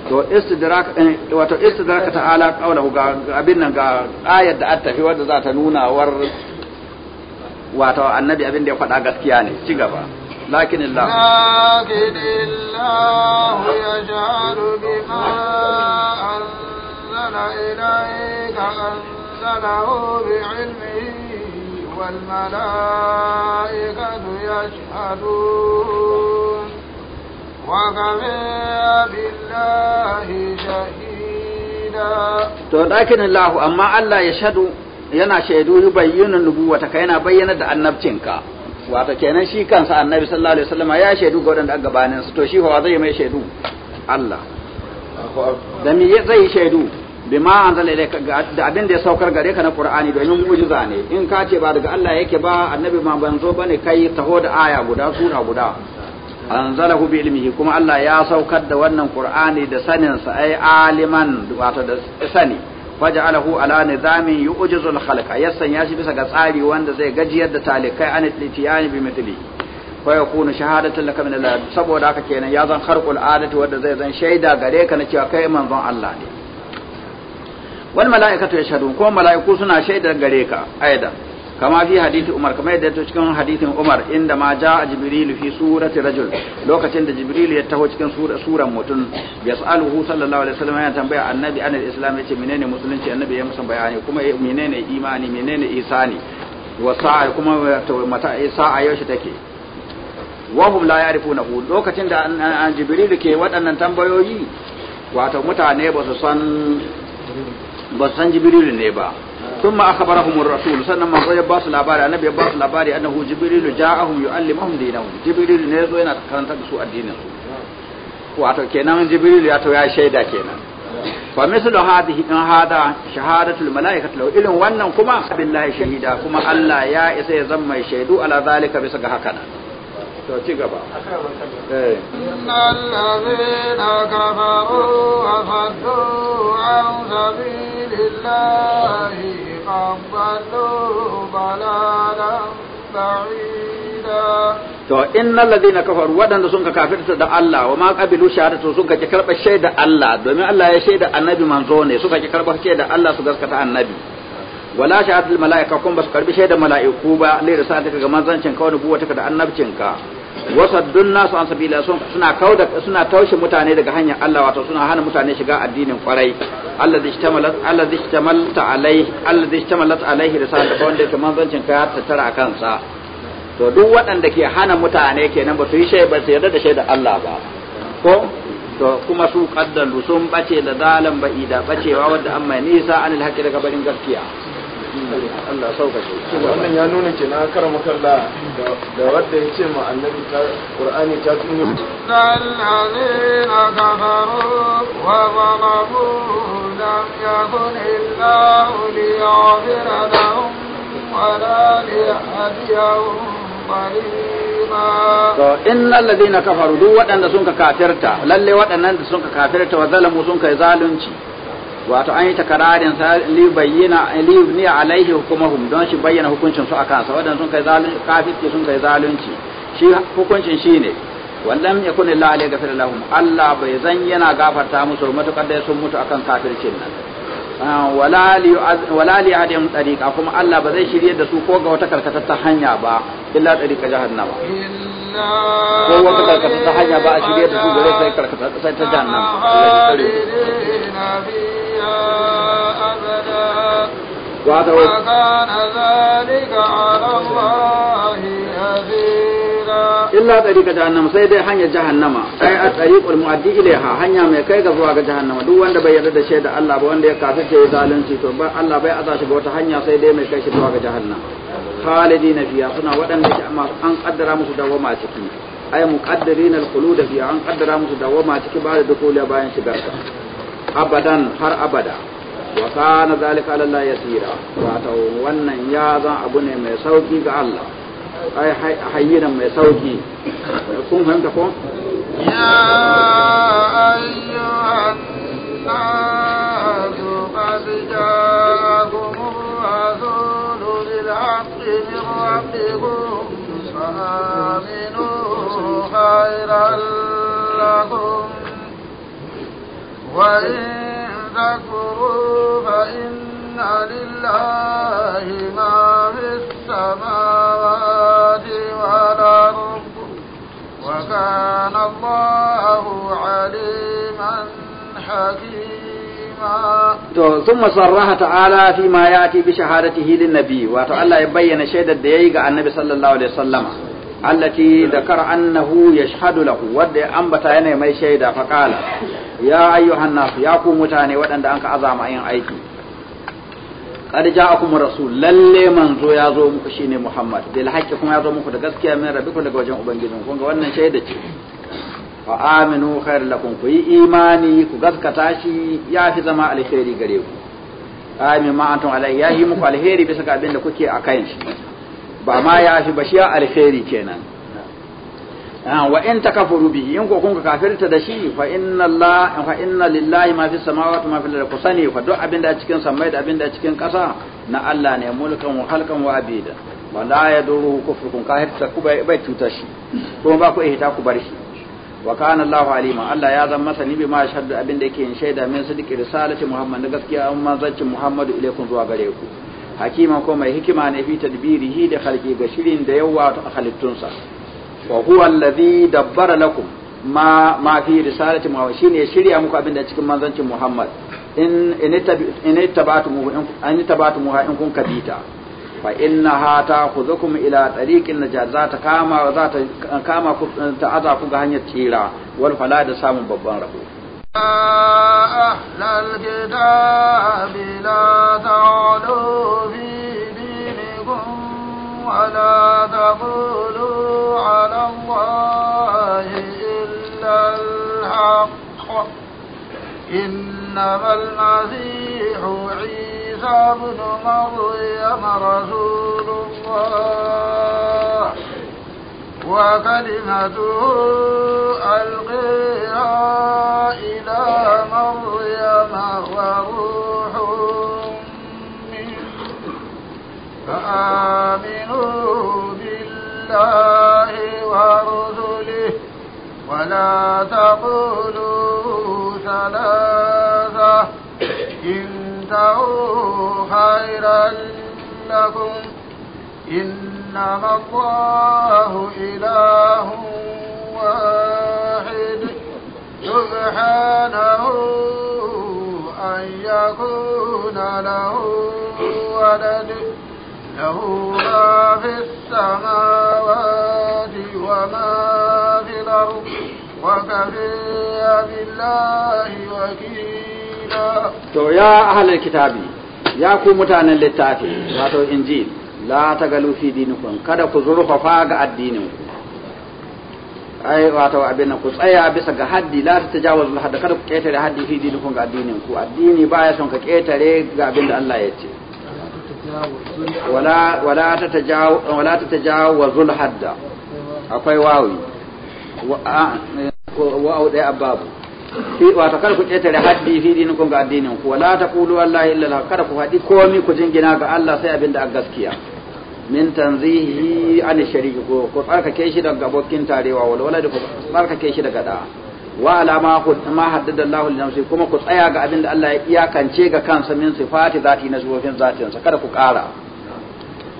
to istidrak eh, wato istidrak ala qawluhu ga abin nan ga ayar da attafi wanda za ta nuna war wato annabi abin da ya faɗa gaskiya ne ci gaba lakin Allah lakin Allah yaj'alu bima anzala ilayka anzalahu bi'ilmihi والملائكة يشهدون to dakin Allah amma Allah ya shadu yana shaidu bayyana nubuwata ka yana bayyana da annabcinka wato kenan shi kansa annabi sallallahu alaihi wasallama ya shaidu ga waɗanda aka bayanin su to shi fa zai mai shaidu Allah da me zai shaidu ma an zale da abin da ya saukar gare ka na Qur'ani domin mu'jiza ne in ka ce ba daga Allah yake ba annabi ma banzo bane kai taho da aya guda sura guda anzalahu bi ilmihi kuma Allah ya saukar da wannan Qur'ani da saninsa ai aliman wato da sani faj'alahu ala nizamin yu'jizu al-khalqa yassan ya shi bisa ga tsari wanda zai gajiyar da talikai an litiyani bi mithli fa yakunu shahadatan laka min Allah saboda haka kenan ya zan kharqul adati wanda zai zan shaida gare ka na cewa kai manzon Allah ne wal mala'ikatu yashhadun kuma mala'iku suna shaidar gare ka aidan kama fi hadisi Umar kamar yadda ta cikin hadisin Umar inda ma jaa Jibril fi surati rajul lokacin da Jibril ya taho cikin suran mutum yas'aluhu sallallahu alaihi wasallam ya tambaya annabi anil islam yace menene musulunci annabi ya musa bayani kuma menene imani menene isani wa sa'a kuma mata sa'a yaushe take wahum la yarifuna lokacin da an Jibril ke waɗannan tambayoyi wato mutane ba su san ba san Jibril ne ba ثم أخبرهم الرسول صلى الله عليه وسلم باس الأباري النبي باس الأباري أنه جبريل جاءهم يعلمهم دينهم جبريل نيزو ينا كانت سوء الدين واتو كينان جبريل ياتو يا شيدا كينان فمثل هذه هذا شهادة الملائكة لو إلن ونن كما بالله شهيدا كما الله يا إسي زم شهدو على ذلك بسك هكذا to ci gaba. Allazina kafaru wa saddu an sabilillahi ضلوا in بعيدا to innal ladina kafaru waɗanda sun ka kafirta da Allah wa ma qabilu shahadatu sun ka ki karba shaida Allah domin Allah ya shaida annabi manzo ne suka ki karba shaida Allah su gaskata annabi wala shahadatul malaika kun ba su karbi shaida mala'iku ba lai da sa daga manzancin ka wani buwa da annabcin ka wasaddun nasu an sabila sun suna kauda suna taushe mutane daga hanyar Allah wato suna hana mutane shiga addinin kwarai allazi ishtamalat allazi ishtamalta alaihi allazi ishtamalat alaihi risalatu wanda yake manzancin ta tattara a kansa to duk waɗanda ke hana mutane kenan ba su yi shay ba su yarda da da Allah ba ko to kuma su kaddalu sun bace da zalan ba'ida bacewa wanda amma nisa anil haqqi daga barin gaskiya Allah sauka shi wannan ya nuna kenan kar makalla da wanda ya ce ma annabi ta qur'ani ta tsini allazina kafaru wa zalamu lam yakun illa liyaghfir lahum wa la yahdihum to innal ladina kafaru duk waɗanda sun ka kafirta lalle waɗannan da sun ka kafirta wa zalamu sun kai zalunci wato an yi takararin li bayyana li ni alaihi hukumahum don shi bayyana hukuncin su akan sa wadan sun kai zalunci kafirci sun kai zalunci shi hukuncin shine wallam yakun illa alaihi ghafir lahum Allah bai zan yana gafarta musu matukar da sun mutu akan kafircin nan ah, wala li adam tariqa kuma Allah ba zai shirye da su ko ga wata karkatar ta hanya ba illa tariqa jahannama ko wata karkata ta hanya ba a shirya da su gare sai karkata sai ta illa tsarika jahannama sai dai hanyar jahannama sai a tsariƙul mu'addi ilaiha hanya mai kai ga zuwa ga jahannama duk wanda bai yarda da shaida Allah ba wanda ya kafirce ya zalunci to ba Allah bai azashi ba ga wata hanya sai dai mai kai shi zuwa ga jahannama na biya suna waɗanda ke amma an kaddara musu dawama a ciki ay na kulu da biya an kaddara musu dawama a ciki ba da dukula bayan shigar ka abadan har abada wa kana zalika ala Allah yasira wato wannan ya zan abu ne mai sauki ga Allah ay hayyinan mai sauki kun fahimta ko ya ayyuhan nasu qad ja'akum بالحق من ربكم فآمنوا خيرا لكم وإن ذكروا فإن لله ما في السماوات والأرض وكان الله عليما حكيما to sun masarraha ta'ala fi ma ya ti bi shahadatihi lin nabi wato Allah ya bayyana shaidar da yayi ga annabi sallallahu alaihi wasallam allati dakara annahu yashhadu lahu wadda ya ambata yana mai shaida fa qala ya ayyuhan nas ya ku mutane waɗanda anka azama yin aiki qad ja'akum rasul lalle manzo ya zo muku shine muhammad bil haqqi kuma ya zo muku da gaskiya min rabbikum daga wajen ubangijinku kun ga wannan shaida ce fa aminu khair lakum ku yi imani ku gaskata shi ya fi zama alheri gare ku amin ma antum alai ya yi muku alheri bisa ga abin da kuke a kan shi ba ma ya fi ba shi alheri kenan ah, wa in takafuru bihi in ko kun ka kafirta da shi fa inna allah fa inna lillahi ma fi samawati ma fi al ku sani fa duk abin da cikin samai da abin da cikin kasa na Allah ne mulkan wa halkan wa abida wala yaduru kufrukum kafirta ku bai tuta shi kuma ba ku ehita ku bar shi wa kana Allahu alima Allah ya zama ni bi ma shaddu abin da yake yin shaida min sidiki risalati Muhammad da gaskiya an manzancin Muhammadu ilaikum zuwa gare ku hakima ko mai hikima ne fi tadbirihi da khalqi ga shirin da yawa ta halittunsa wa huwa alladhi dabbara lakum ma ma fi risalati Muhammad shine shirya muku abin da cikin manzancin Muhammad in in tabatu in tabatu in kun kabita fa inna ha ta khudhukum ila tariqin najat za za ta kama ta aza ku ga hanyar tira wal fala da samun babban rabo ahlal kitab la ta'lu fi dinikum wa la taqulu ala allahi illa al-haq inna al-masih 'i عيسى بن مريم رسول الله وكلمته ألقيها إلى مريم وروح منه فآمنوا بالله ورسله ولا تقولوا سلام تنتهوا خيرا لكم إنما الله إله واحد سبحانه أن يكون له ولد له ما في السماوات وما في الأرض وكفي بالله وكيل to ya ahlul kitabi ya ku mutanen littafi wato injil la galu fi dinikum kada ku zurfafa ga addinin ku ai wato abin ku tsaya bisa ga haddi la ta tajawuz al hadd kada ku ketare haddi fi dinikum ga addinin ku addini baya son ka ketare ga abin da Allah ya ce wala wala ta tajawuz wala ta tajawuz al hadd akwai wawi wa wa audai ababu Eh, wato kar ku ƙetare haddi fi kun ga addinin ku wala kulu wallahi illa la kar ku hadi komi ku jingina ga Allah sai abinda a gaskiya min tanzihi an shariki ko ko ku ke shi daga abokin tarewa wala da ku ke shi daga da wa alama ku ma haddada Allah li nafsi kuma ku tsaya ga abinda Allah ya iyakance ga kansa min sifati zati na zuwafin zatin sa kada ku ƙara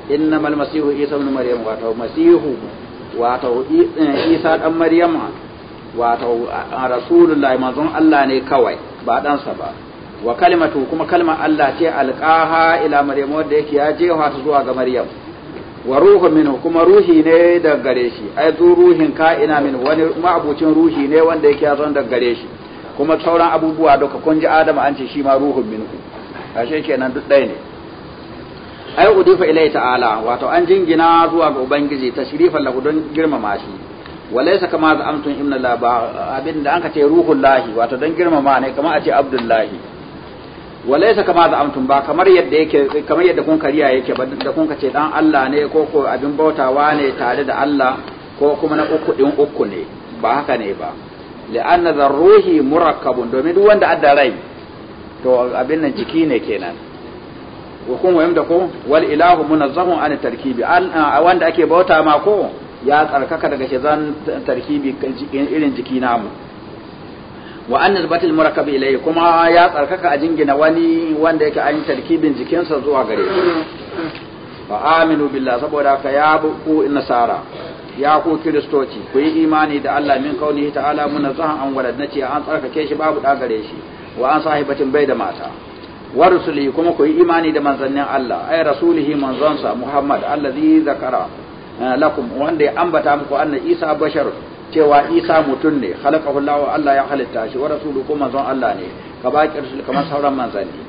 innamal masihu isa ibn maryam ta masihu ta eh, isa dan maryama wato rasulullahi manzon Allah ne kawai ba sa ba wa kalimatu kuma kalmar Allah ce alqaha ila maryam wanda yake ya je wa ta zuwa ga maryam wa ruhu minhu kuma ruhi ne daga gare shi ai zu ruhin ka'ina min wani ma'abucin ruhi ne wanda yake ya zo daga gare shi kuma sauran abubuwa duka kun ji Adam an ce shi ma ruhu minhu ashe kenan duk ɗaya ne ai udifa ilai ta'ala wato an jingina zuwa ga ubangiji tashrifan lahu don girmama shi walaysa kama za amtun inna ba abin da anka ce ruhun lahi wato don girmama ne kama a ce abdullahi walaysa kama za amtun ba kamar yadda yake kamar yadda kun kariya yake ba da kun ce dan Allah ne ko ko abin bautawa ne tare da Allah ko kuma na uku din uku ne ba haka ne ba li'anna dharruhi murakkabun domin duk wanda adda rai to abin nan jiki ne kenan wa kun wayam da ko wal ilahu munazzahun an tarkibi wanda ake bauta ma ko ya tsarkaka daga shezan tarkibi irin jiki namu wa an nisbatil murakkabi ilayhi kuma ya tsarkaka a jingina wani wanda yake an tarkibin jikinsa zuwa gare shi fa aminu billah saboda ka ya ku nasara ya ku kiristoci ku yi imani da Allah min kauni ta'ala zahan an ce an tsarkake shi babu da gare shi wa an sahibatin bai da mata wa rusuli kuma ku yi imani da manzannin Allah ay rasulihi manzansa Muhammad allazi zakara Eh, lakum wanda ya ambata muku anna isa bashar cewa isa mutum ne khalaqahu Allah Allah ya halitta shi wa rasulu kuma manzon Allah ne ka baki rasul kamar sauran manzanni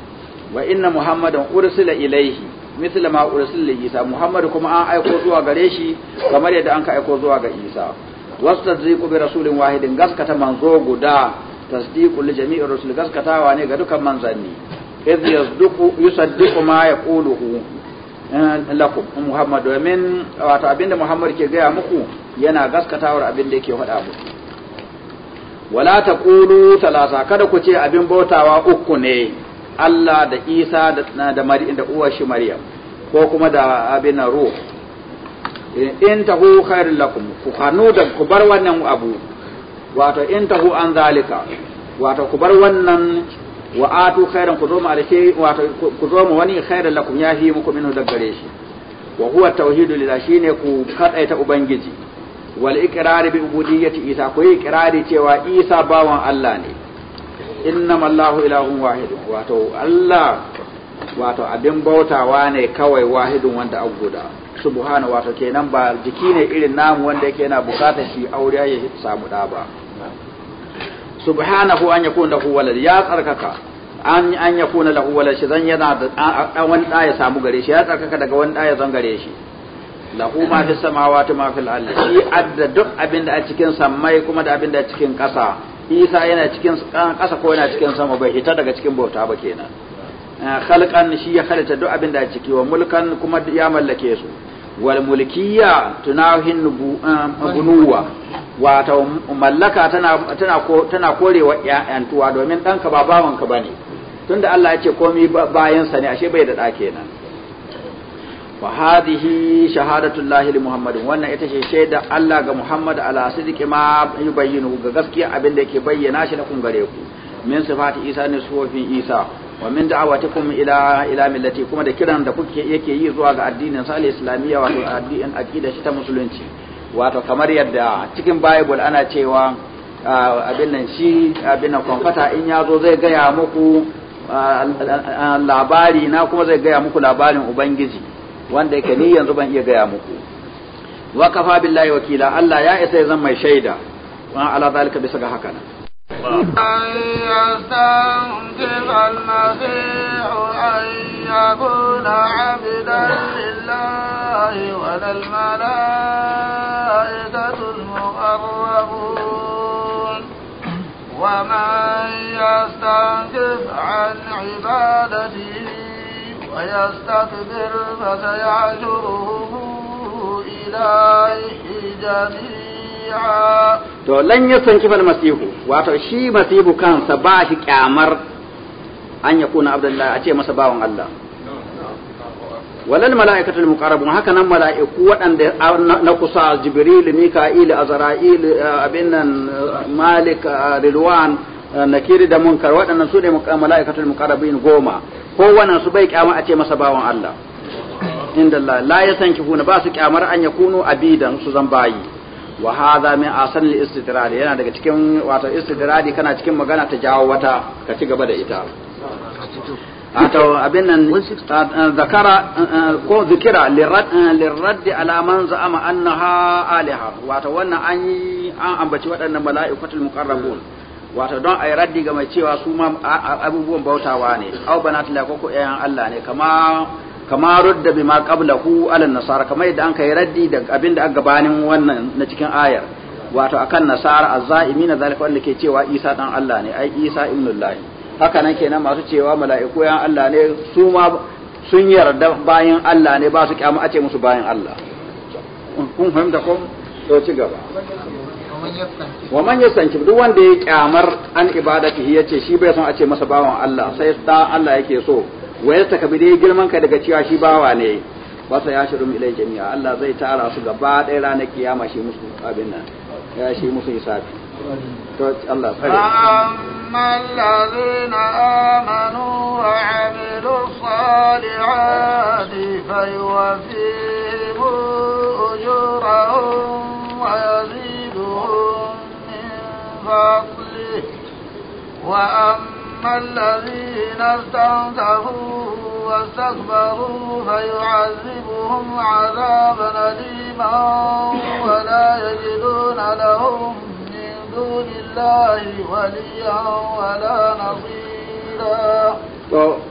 wa inna muhammadan ursila ilaihi mithla ma ursila isa muhammad kuma an aiko zuwa gare shi kamar yadda an ka aiko zuwa ga isa wastadriqu bi rasulin wahidin gaskata manzo guda tasdiqu li jami'i rusul gaskatawa ne ga dukan manzanni idh yasduqu yusaddiqu ma yaquluhu Eh, lakum Muhammad domin wato abinda Muhammad ke gaya muku yana gaskatawar abinda yake faɗa muku wala taqulu talasa kada ku ce abin bautawa uku ne Allah da Isa da da Maryam da uwar shi Maryam ko kuma da abin ruh eh, in tahu khairul lakum ku hanu da ku bar wannan abu wato in tahu an zalika wato ku bar wannan wa atu khairan ku zoma alke wato ku zoma wani khairan lakum ya fi muku minhu gare shi wa huwa tauhidu lillahi shine ku kadaita ubangiji wal iqrar bi ubudiyyati isa ku yi iqrari cewa isa bawan Allah ne innamal lahu ilahun wahid wato Allah wato abin bautawa ne kawai wahidun wanda aguda subhana subhanahu wato kenan ba jiki ne irin namu wanda yake yana bukata shi aure ya samu da ba subhanahu an yakuna lahu walad ya tsarkaka an an yakuna lahu walad shi zan yana da wani da ya samu gare shi ya tsarkaka daga wani da ya zan gare shi lahu ma fi samawati ma fil ardi shi adda duk abin da a cikin samai kuma da abin da a cikin ƙasa isa yana cikin ƙasa ko yana cikin sama bai hita daga cikin bauta ba kenan eh, khalqan shi ya halitta duk abin da a ciki wa mulkan kuma ya mallake su walmulkiya mulkiyya tunahin eh, bunuwa wato mallaka tana korewa ƴaƴantuwa domin ɗanka ba bawanka bane tunda Allah ya ce komai bayan sa ne ashe bai da dake nan wa hadihi shahadatu llahi muhammadin wannan ita ce shaida Allah ga Muhammad ala sidiki ma yubayyinu ga gaskiya abin da yake bayyana shi na kun gare ku min sifati Isa ne sufofin Isa wa min da'awatikum ila ila millati kuma da kiran da kuke yake yi zuwa ga addinin sa al-islamiyya wato addinin aqida shi ta musulunci wato kamar yadda cikin bible ana cewa abin nan shi abin nan konfata in ya zo zai gaya muku labari na kuma zai gaya muku labarin ubangiji wanda yake ni yanzu ban iya gaya muku wa kafa billahi wakila Allah ya isa zan mai shaida wa ala zalika bisa ga haka أن يستنكف المسيح أن يكون عبدا لله ولا المقربون ومن يستنكف عن عبادته ويستكبر فسيحشرهم إليه جميعا to lan yasan kifal masihu wato shi masihu kansa ba shi kyamar an ya kuna abdullahi a ce masa bawan Allah walal mala'ikatul muqarrabun haka nan mala'iku waɗanda na kusa jibril mika'il azra'il abin nan malik rilwan nakiri da munkar waɗannan su ne mala'ikatul muqarrabin goma ko wannan su bai kyama a ce masa bawan Allah inda la ya yasan kifuna ba su kyamar an kunu abidan su zan bayi wa hadha min asan al-istidrad yana daga cikin wato istidradi kana cikin magana ta jawo wata ka ci gaba da ita wato abin nan eh, zakara eh, ko zikira lirrad eh, ala man za'ama annaha alaha wato wannan an yi an ambaci waɗannan mala'ikatul muqarrabun wato don ayi raddi ga mai cewa su ma abubuwan bautawa ne au banat la ko ko ayan Allah ne kama kama rudda bima qablahu alan nasara kama yadda an kai raddi da abin da bani wannan na cikin ayar wato akan nasara azzaimina zalika wanda ke cewa Isa dan Allah ne ai Isa ibnullahi haka nan kenan masu cewa mala'iku yan Allah ne su ma sun yarda bayan Allah ne ba su kyamu a ce musu bayan Allah kun fahimta ko to ci gaba wa man yastanki duk wanda ya kyamar an ibadati yace shi bai son a ce masa bawan Allah sai da Allah yake so wa dai girman kai daga cewa shi bawa ne wasa ya mu ilai jami'a Allah zai tara su gaba ɗaya ranar kiyama shi musu abin nan ya shi musu hisabi to Allah tsare amman ladina amanu wa amilu salihati fa yuwaffihim ujurahum wa yaziduhum min fadli wa amma أما الذين استنزفوا واستكبروا فيعذبهم عذابا أليما ولا يجدون لهم من دون الله وليا ولا نصيرا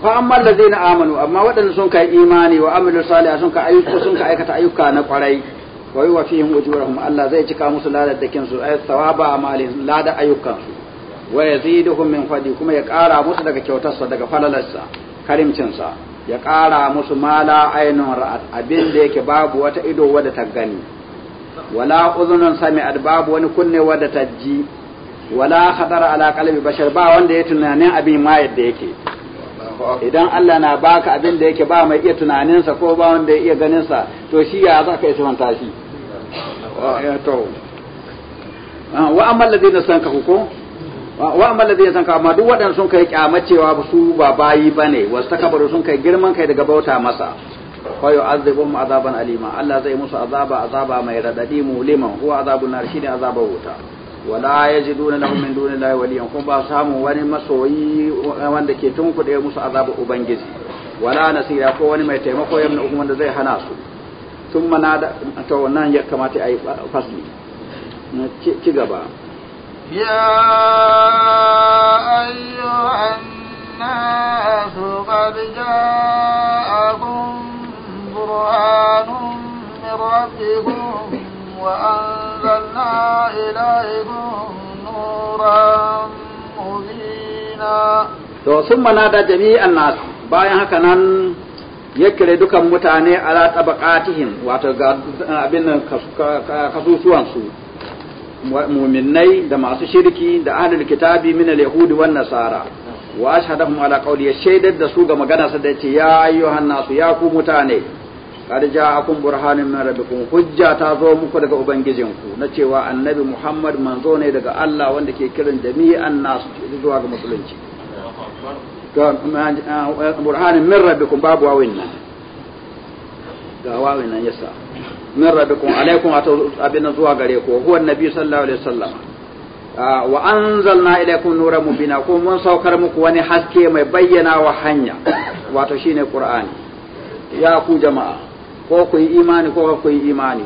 fa amma allazina amanu amma waɗanda sun kai imani wa amilu salih sun ka aikata ayyuka na kwarai wa yuwa fihim ujurahum Allah zai cika musu ladadakin su ay su wa yaziduhum min fadli kuma ya ƙara musu daga kyautarsa daga falalarsa karimcinsa ya ƙara musu mala ainun ra'at abin da yake babu wata ido wadda ta gani wala uzunun sami'at babu wani kunne wadda ta ji wala khatara ala qalbi bashar ba wanda ya tunanin abin ma yadda yake idan Allah na baka abin da yake ba mai iya tunanin sa ko ba wanda ya iya ganin sa to shi ya za ka ismanta shi ah, wa amma ladina sankahu ko wa amma ladina tanka amma duk waɗanda sun kai kyamacewa su ba bayi bane wasu takabaru sun kai girman kai daga bauta masa fa yu'adhibuhum azaban alima Allah zai musu azaba azaba mai radadi muliman huwa azabun nar shine azabar wuta wala yajiduna lahum min dunillahi waliyan kun ba samu wani masoyi wanda ke tunkuɗe musu azaba ubangiji wala nasira ko wani mai taimako yamna hukum wanda zai hana su sun mana da ta wannan ya kamata a yi fasli ci gaba يا أيها الناس قد جاءكم برهان من ربكم وأنزلنا إليكم نورا مبينا to sun manada jami'an nasu bayan haka nan ya kire dukan mutane ala tabaqatihim wato ga abin nan kasusuwansu mu'minnai da masu shirki da ahlul kitabi min al-yahudi wan nasara wa ashhadahum ala qawli ya shaidar da su ga magana sa da yace ya ayyuhan nasu ya ku mutane kad ja'akum burhanun min rabbikum hujja ta zo muku daga ubangijinku na cewa annabi muhammad manzo ne daga Allah wanda ke kiran jami'an nasu zuwa ga musulunci burhanun min rabbikum babu wawin nan ga wawin nan yasa min rabbikum alaikum abin zuwa gare ku huwa nabi sallallahu alaihi wasallam ah, wa anzalna ilaykum nuran mubina ko mun saukar muku wani haske mai bayyana wa hanya wato shine qur'ani ya ku jama'a ko ku yi imani ko ku yi imani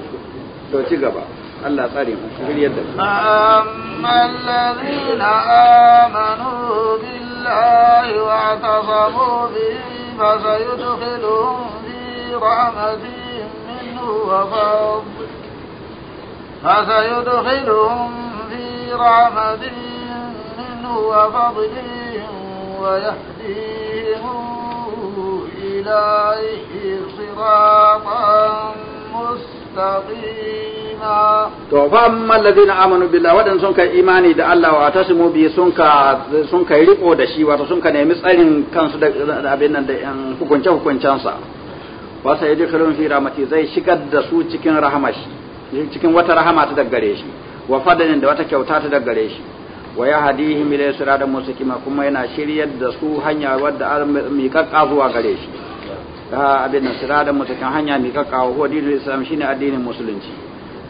to ci gaba Allah tsare mu shiryar yadda amman amanu billahi wa tasamu bi fa sayudkhiluhum bi rahmatin وفضل فسيدخلهم في رحمة منه وفضل ويهديهم إليه صراطا مستقيما to fa ammal ladina amanu billahi wadan sun kai imani da Allah wa tasmu bi sun ka sun kai riko da shi wato sun ka nemi tsarin kansu da abin nan da um, hukunce sa. wa sai yadkhulun fi rahmati zai shigar da su cikin rahmashi cikin wata rahama ta daggare shi wa fadalin da wata kyauta ta daggare shi wa yahdihim ila siratal mustaqima kuma yana shiryar da su hanya wadda mi kakka zuwa gare shi ta abin da sirada mustaqima hanya mi kakka wa dinul islam shine addinin musulunci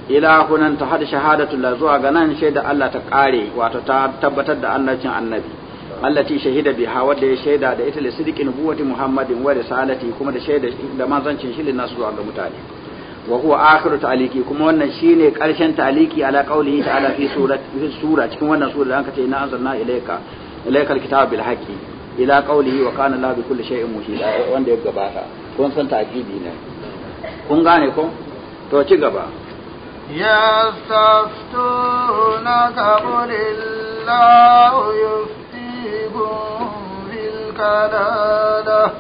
ila kunan ta hada shahadatu la zuwa ga nan shaida Allah ta kare wato ta tabbatar da Allah cin annabi allati shahida biha wadda ya shaida da ita da sidqi nubuwati muhammadin wa risalati kuma da shaida da manzancin shi linnasu zuwa ga mutane wa huwa akhiru ta'liqi kuma wannan shine karshen ta'liqi ala qawlihi ta'ala fi surati sura cikin wannan sura da anka ce na anzalna ilayka ilaykal kitaba bil haqqi ila qawlihi wa kana Allah bi kulli shay'in muhita wanda ya gabata kun san ta'kibi ne kun gane ko to ci gaba يستفتونك قل الله نصيب ملك لالة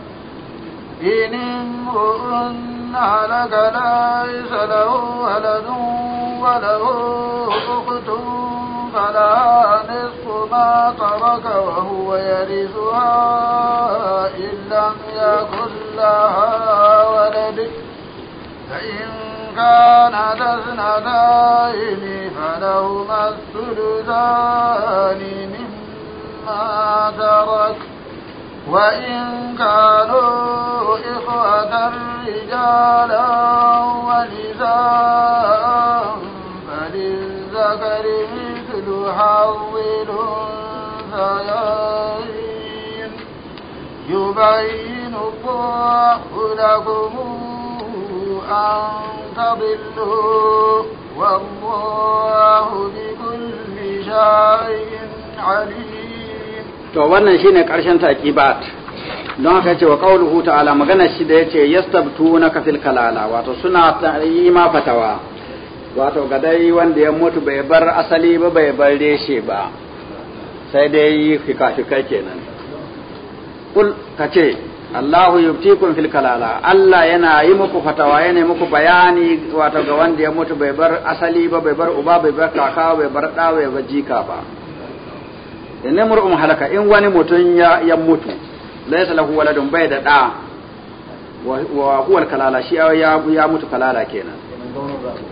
إن امرؤ هلك ليس له ولد وله أخت فلا نصف ما ترك وهو يرثها إن لم يكن لها ولد فإن كانت اثنتين فلهما الثلثان مما ترك وإن كانوا إخوة رجالا ونساء فللذكر مثل حظ الأنثيين يبين الله لكم أن تضلوا والله بكل شيء عليم to wannan shine karshen taqibat don haka yace wa qawluhu ta'ala magana shi da yace yastabtuna ka fil kalala wato suna yi ma fatawa wato ga dai wanda ya mutu bai bar asali ba bai bar reshe ba sai dai fika fika kenan kul kace Allahu yubtikum fil kalala Allah yana yi muku fatawa yana muku bayani wato ga wanda ya mutu bai bar asali ba bai bar uba bai bar kaka bai bar da bai bar jika ba in mur'un halaka in wani mutum ya ya mutu laysa lahu waladun bai da da wa huwa kalala shi ya ya mutu kalala kenan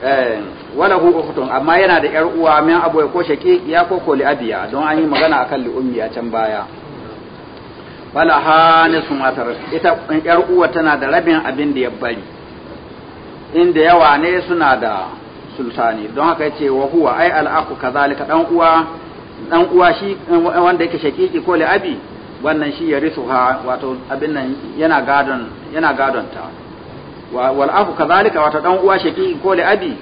eh wala hu ukhtun amma yana da yar uwa min abu ko ya ko koli abiya don an yi magana akan li ummiya can baya wala hanis atar ita yar uwa tana da rabin abin da ya bari inda yawa ne suna da sultani don haka yace wa huwa ai al-aqu kadhalika dan uwa dan uwa shi wanda yake shakiki ko abi wannan shi ya risuha wato abin nan yana gadon yana gadon ta wal afu kazalika wato dan uwa shakiki ko abi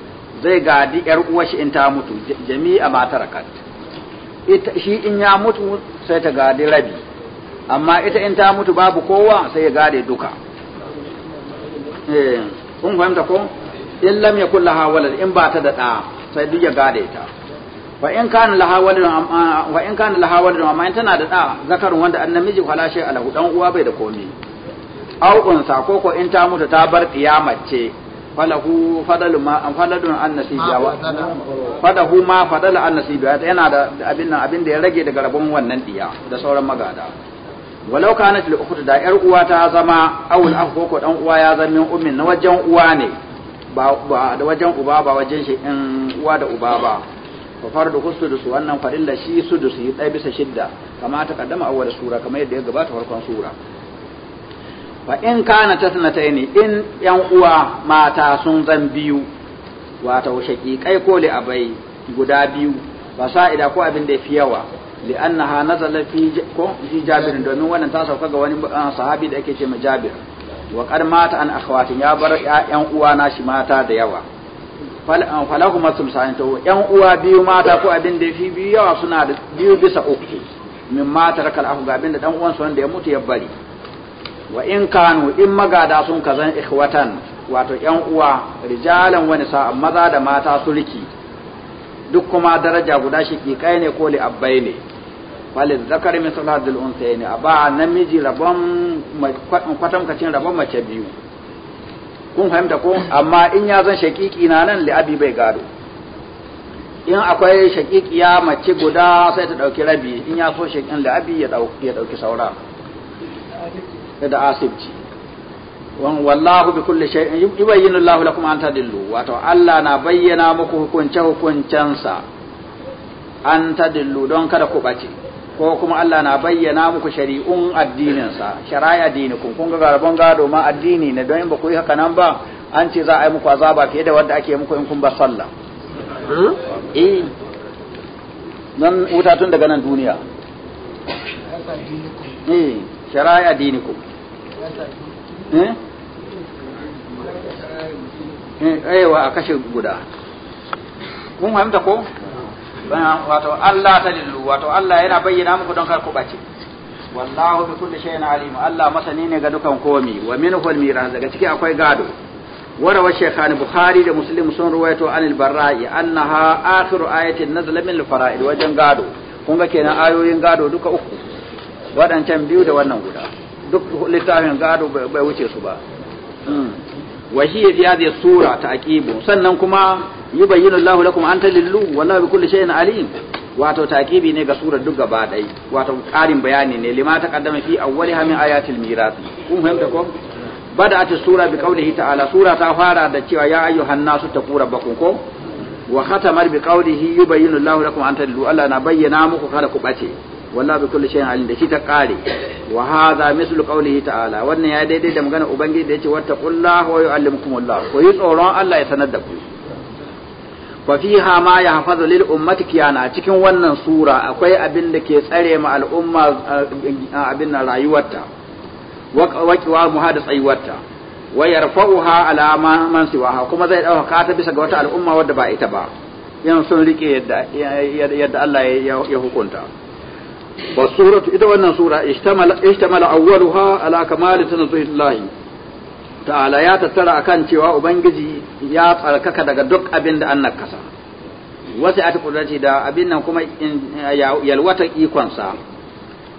zai gadi yar uwa shi in ta mutu jami'a ma tarakat ita shi in ya mutu sai ta gadi rabi amma ita in ta mutu babu kowa sai ya gade duka eh kun fahimta ko in lam yakul laha walad in ba ta da da sai duk ya gade ta wa in kana laha walidun wa in kana laha walidun amma in tana da da zakarun wanda an namiji fala shi alahu dan uwa bai da komai aw unsa ko ko in ta mutu ta bar ce falahu fadalu ma an faladun an wa fadahu ma fadala an nasibiya yana da abin nan abin da ya rage daga rabon wannan diya da sauran magada walau kana til ukhti da yar uwa ta zama awul akh ko ko dan uwa ya zama ummin na wajen uwa ne ba da wajen uba ba wajen shi in uwa da uba ba fa fardu kusudusu wannan da shi su yi ɗaya bisa shidda kama ta kaddama awwal sura kamar yadda ya gabata farkon sura fa in kana tasnataini in yan uwa mata sun zan biyu wato kai ko li abai guda biyu ba sa ida ko abin da ya fi yawa li'annaha nazala fi ko fi jabir domin wannan ta sauka ga wani sahabi da ake ce ma jabir wa qad mata an akhwatin ya bar yan uwa na shi mata da yawa Ah, falahu masum sa'in to yan uwa biyu mata ko abin da fi biyu yawa suna da biyu bisa uku min mata rakal ahu ga abin da dan uwan su wanda ya mutu ya bari wa in kanu in magada sun kazan ikhwatan wato yan uwa rijalan wani sa'a maza da mata sulki duk kuma daraja guda shi kai ne ko li abbai ne falil zakari min salatul unsayni aba namiji rabon kwatam kacin rabon mace biyu kun fahimta ko amma in ya zan shakiki na nan li'abi bai gado in akwai shakikiya mace guda sai ta dauki rabi in ya so shakin li'abi ya dauki saura da asibci wallahu bi kulli shay'in yubayyinu Allahu lakum an tadillu wato Allah na bayyana muku hukunce hukuncensa an tadillu don kada ku bace ko kuma Allah na bayyana muku shari'un addininsa shari'a addini kun ga garban gado ma addini ne don in ba ku yi haka nan ba an ce za a yi muku azaba fiye da wanda ake muku in kun ba sallah hmm? eh nan wuta tun daga nan duniya eh shari'a ku eh eh, eh a kashe guda kun hamta ko wato Allah ta lillu wato Allah yana bayyana muku don kar ku bace wallahu bi kulli shay'in alim Allah masani ne ga dukan komi wa minhu al miras daga ciki akwai gado wara wa shaykhan bukhari da muslim sun ruwaito anil barra'i annaha akhiru ayatin nazala min al fara'id wajen gado kun ga kenan ayoyin gado duka uku wadancan biyu da wannan guda duk littafin gado bai wuce su ba hmm. wa shi fi hadhihi sura taqibu sannan kuma yubayyinu Allahu lakum an talillu wallahu bi kulli shay'in alim wato taqibi ne ga surar duk gaba dai wato karin bayani ne lima taqaddama fi awwaliha min ayatil mirasi kun fahimta ko بدأت السورة بقوله تعالى سورة تفارة دتشوا يا أيها الناس تقول ربكم وختمت بقوله يبين الله لكم أن تدلوا ألا نبين مكو كان كبتي wallahi bi kulli shay'in alim da shi ta kare wa hadha mislu qawlihi ta'ala wannan ya daidai da magana ubangiji da yace wattaqullaha wa yu'allimukumullah ko yi tsoron Allah ya sanar da ku wa fiha ma yahfazu lil ummati kiyana cikin wannan sura akwai abin da ke tsare ma al'umma eh, abin na rayuwarta wa qiwa muhada tsayuwarta wa yarfa'uha ala man siwaha kuma zai dauka ta bisa ga wata al'umma wadda ba ita ba yan sun rike yadda yadda Allah ya hukunta والسورة إذا أن سورة اشتمل اشتمل أولها على كمال تنزه الله تعالى يا تترى أكان cewa ubangiji ya tsarkaka daga duk abin da annan wasu a tukudarci da abin nan kuma yalwata ikonsa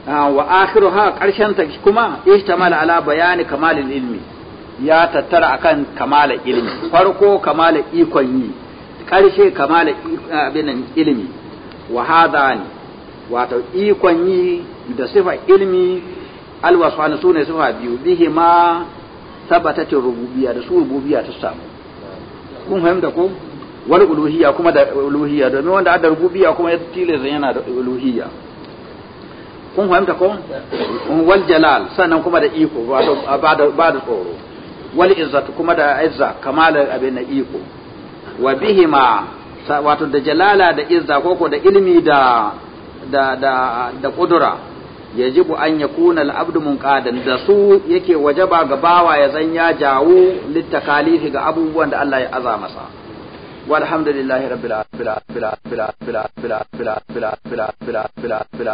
wa akhiru ha ƙarshen ta kuma ishtamal ala bayani kamalin ilmi ya tattara akan kamala ilmi farko kamala ikon yi ƙarshe kamala abin ilmi wahaza ne. wato ikon yi da sifa ilmi alwasfani su ne sifa biyu bihi ma tabbatatin rububiya da su rububiya ta samu kun fahimta ko wal uluhiyya kuma da uluhiyya domin wanda adda rububiya kuma ya zan yana da uluhiyya kun fahimta ko wal jalal sannan kuma da iko ba da ba da tsoro wal izzatu kuma da izza kamala abin na iko wa bihi ma wato da jalala da izza koko da ilmi da da da da kudura yajibu an yakuna al-abdu munqadan da su yake wajaba ga bawa ya zan ya jawo littakalihi ga abubuwan da Allah ya aza masa walhamdulillahi rabbil alamin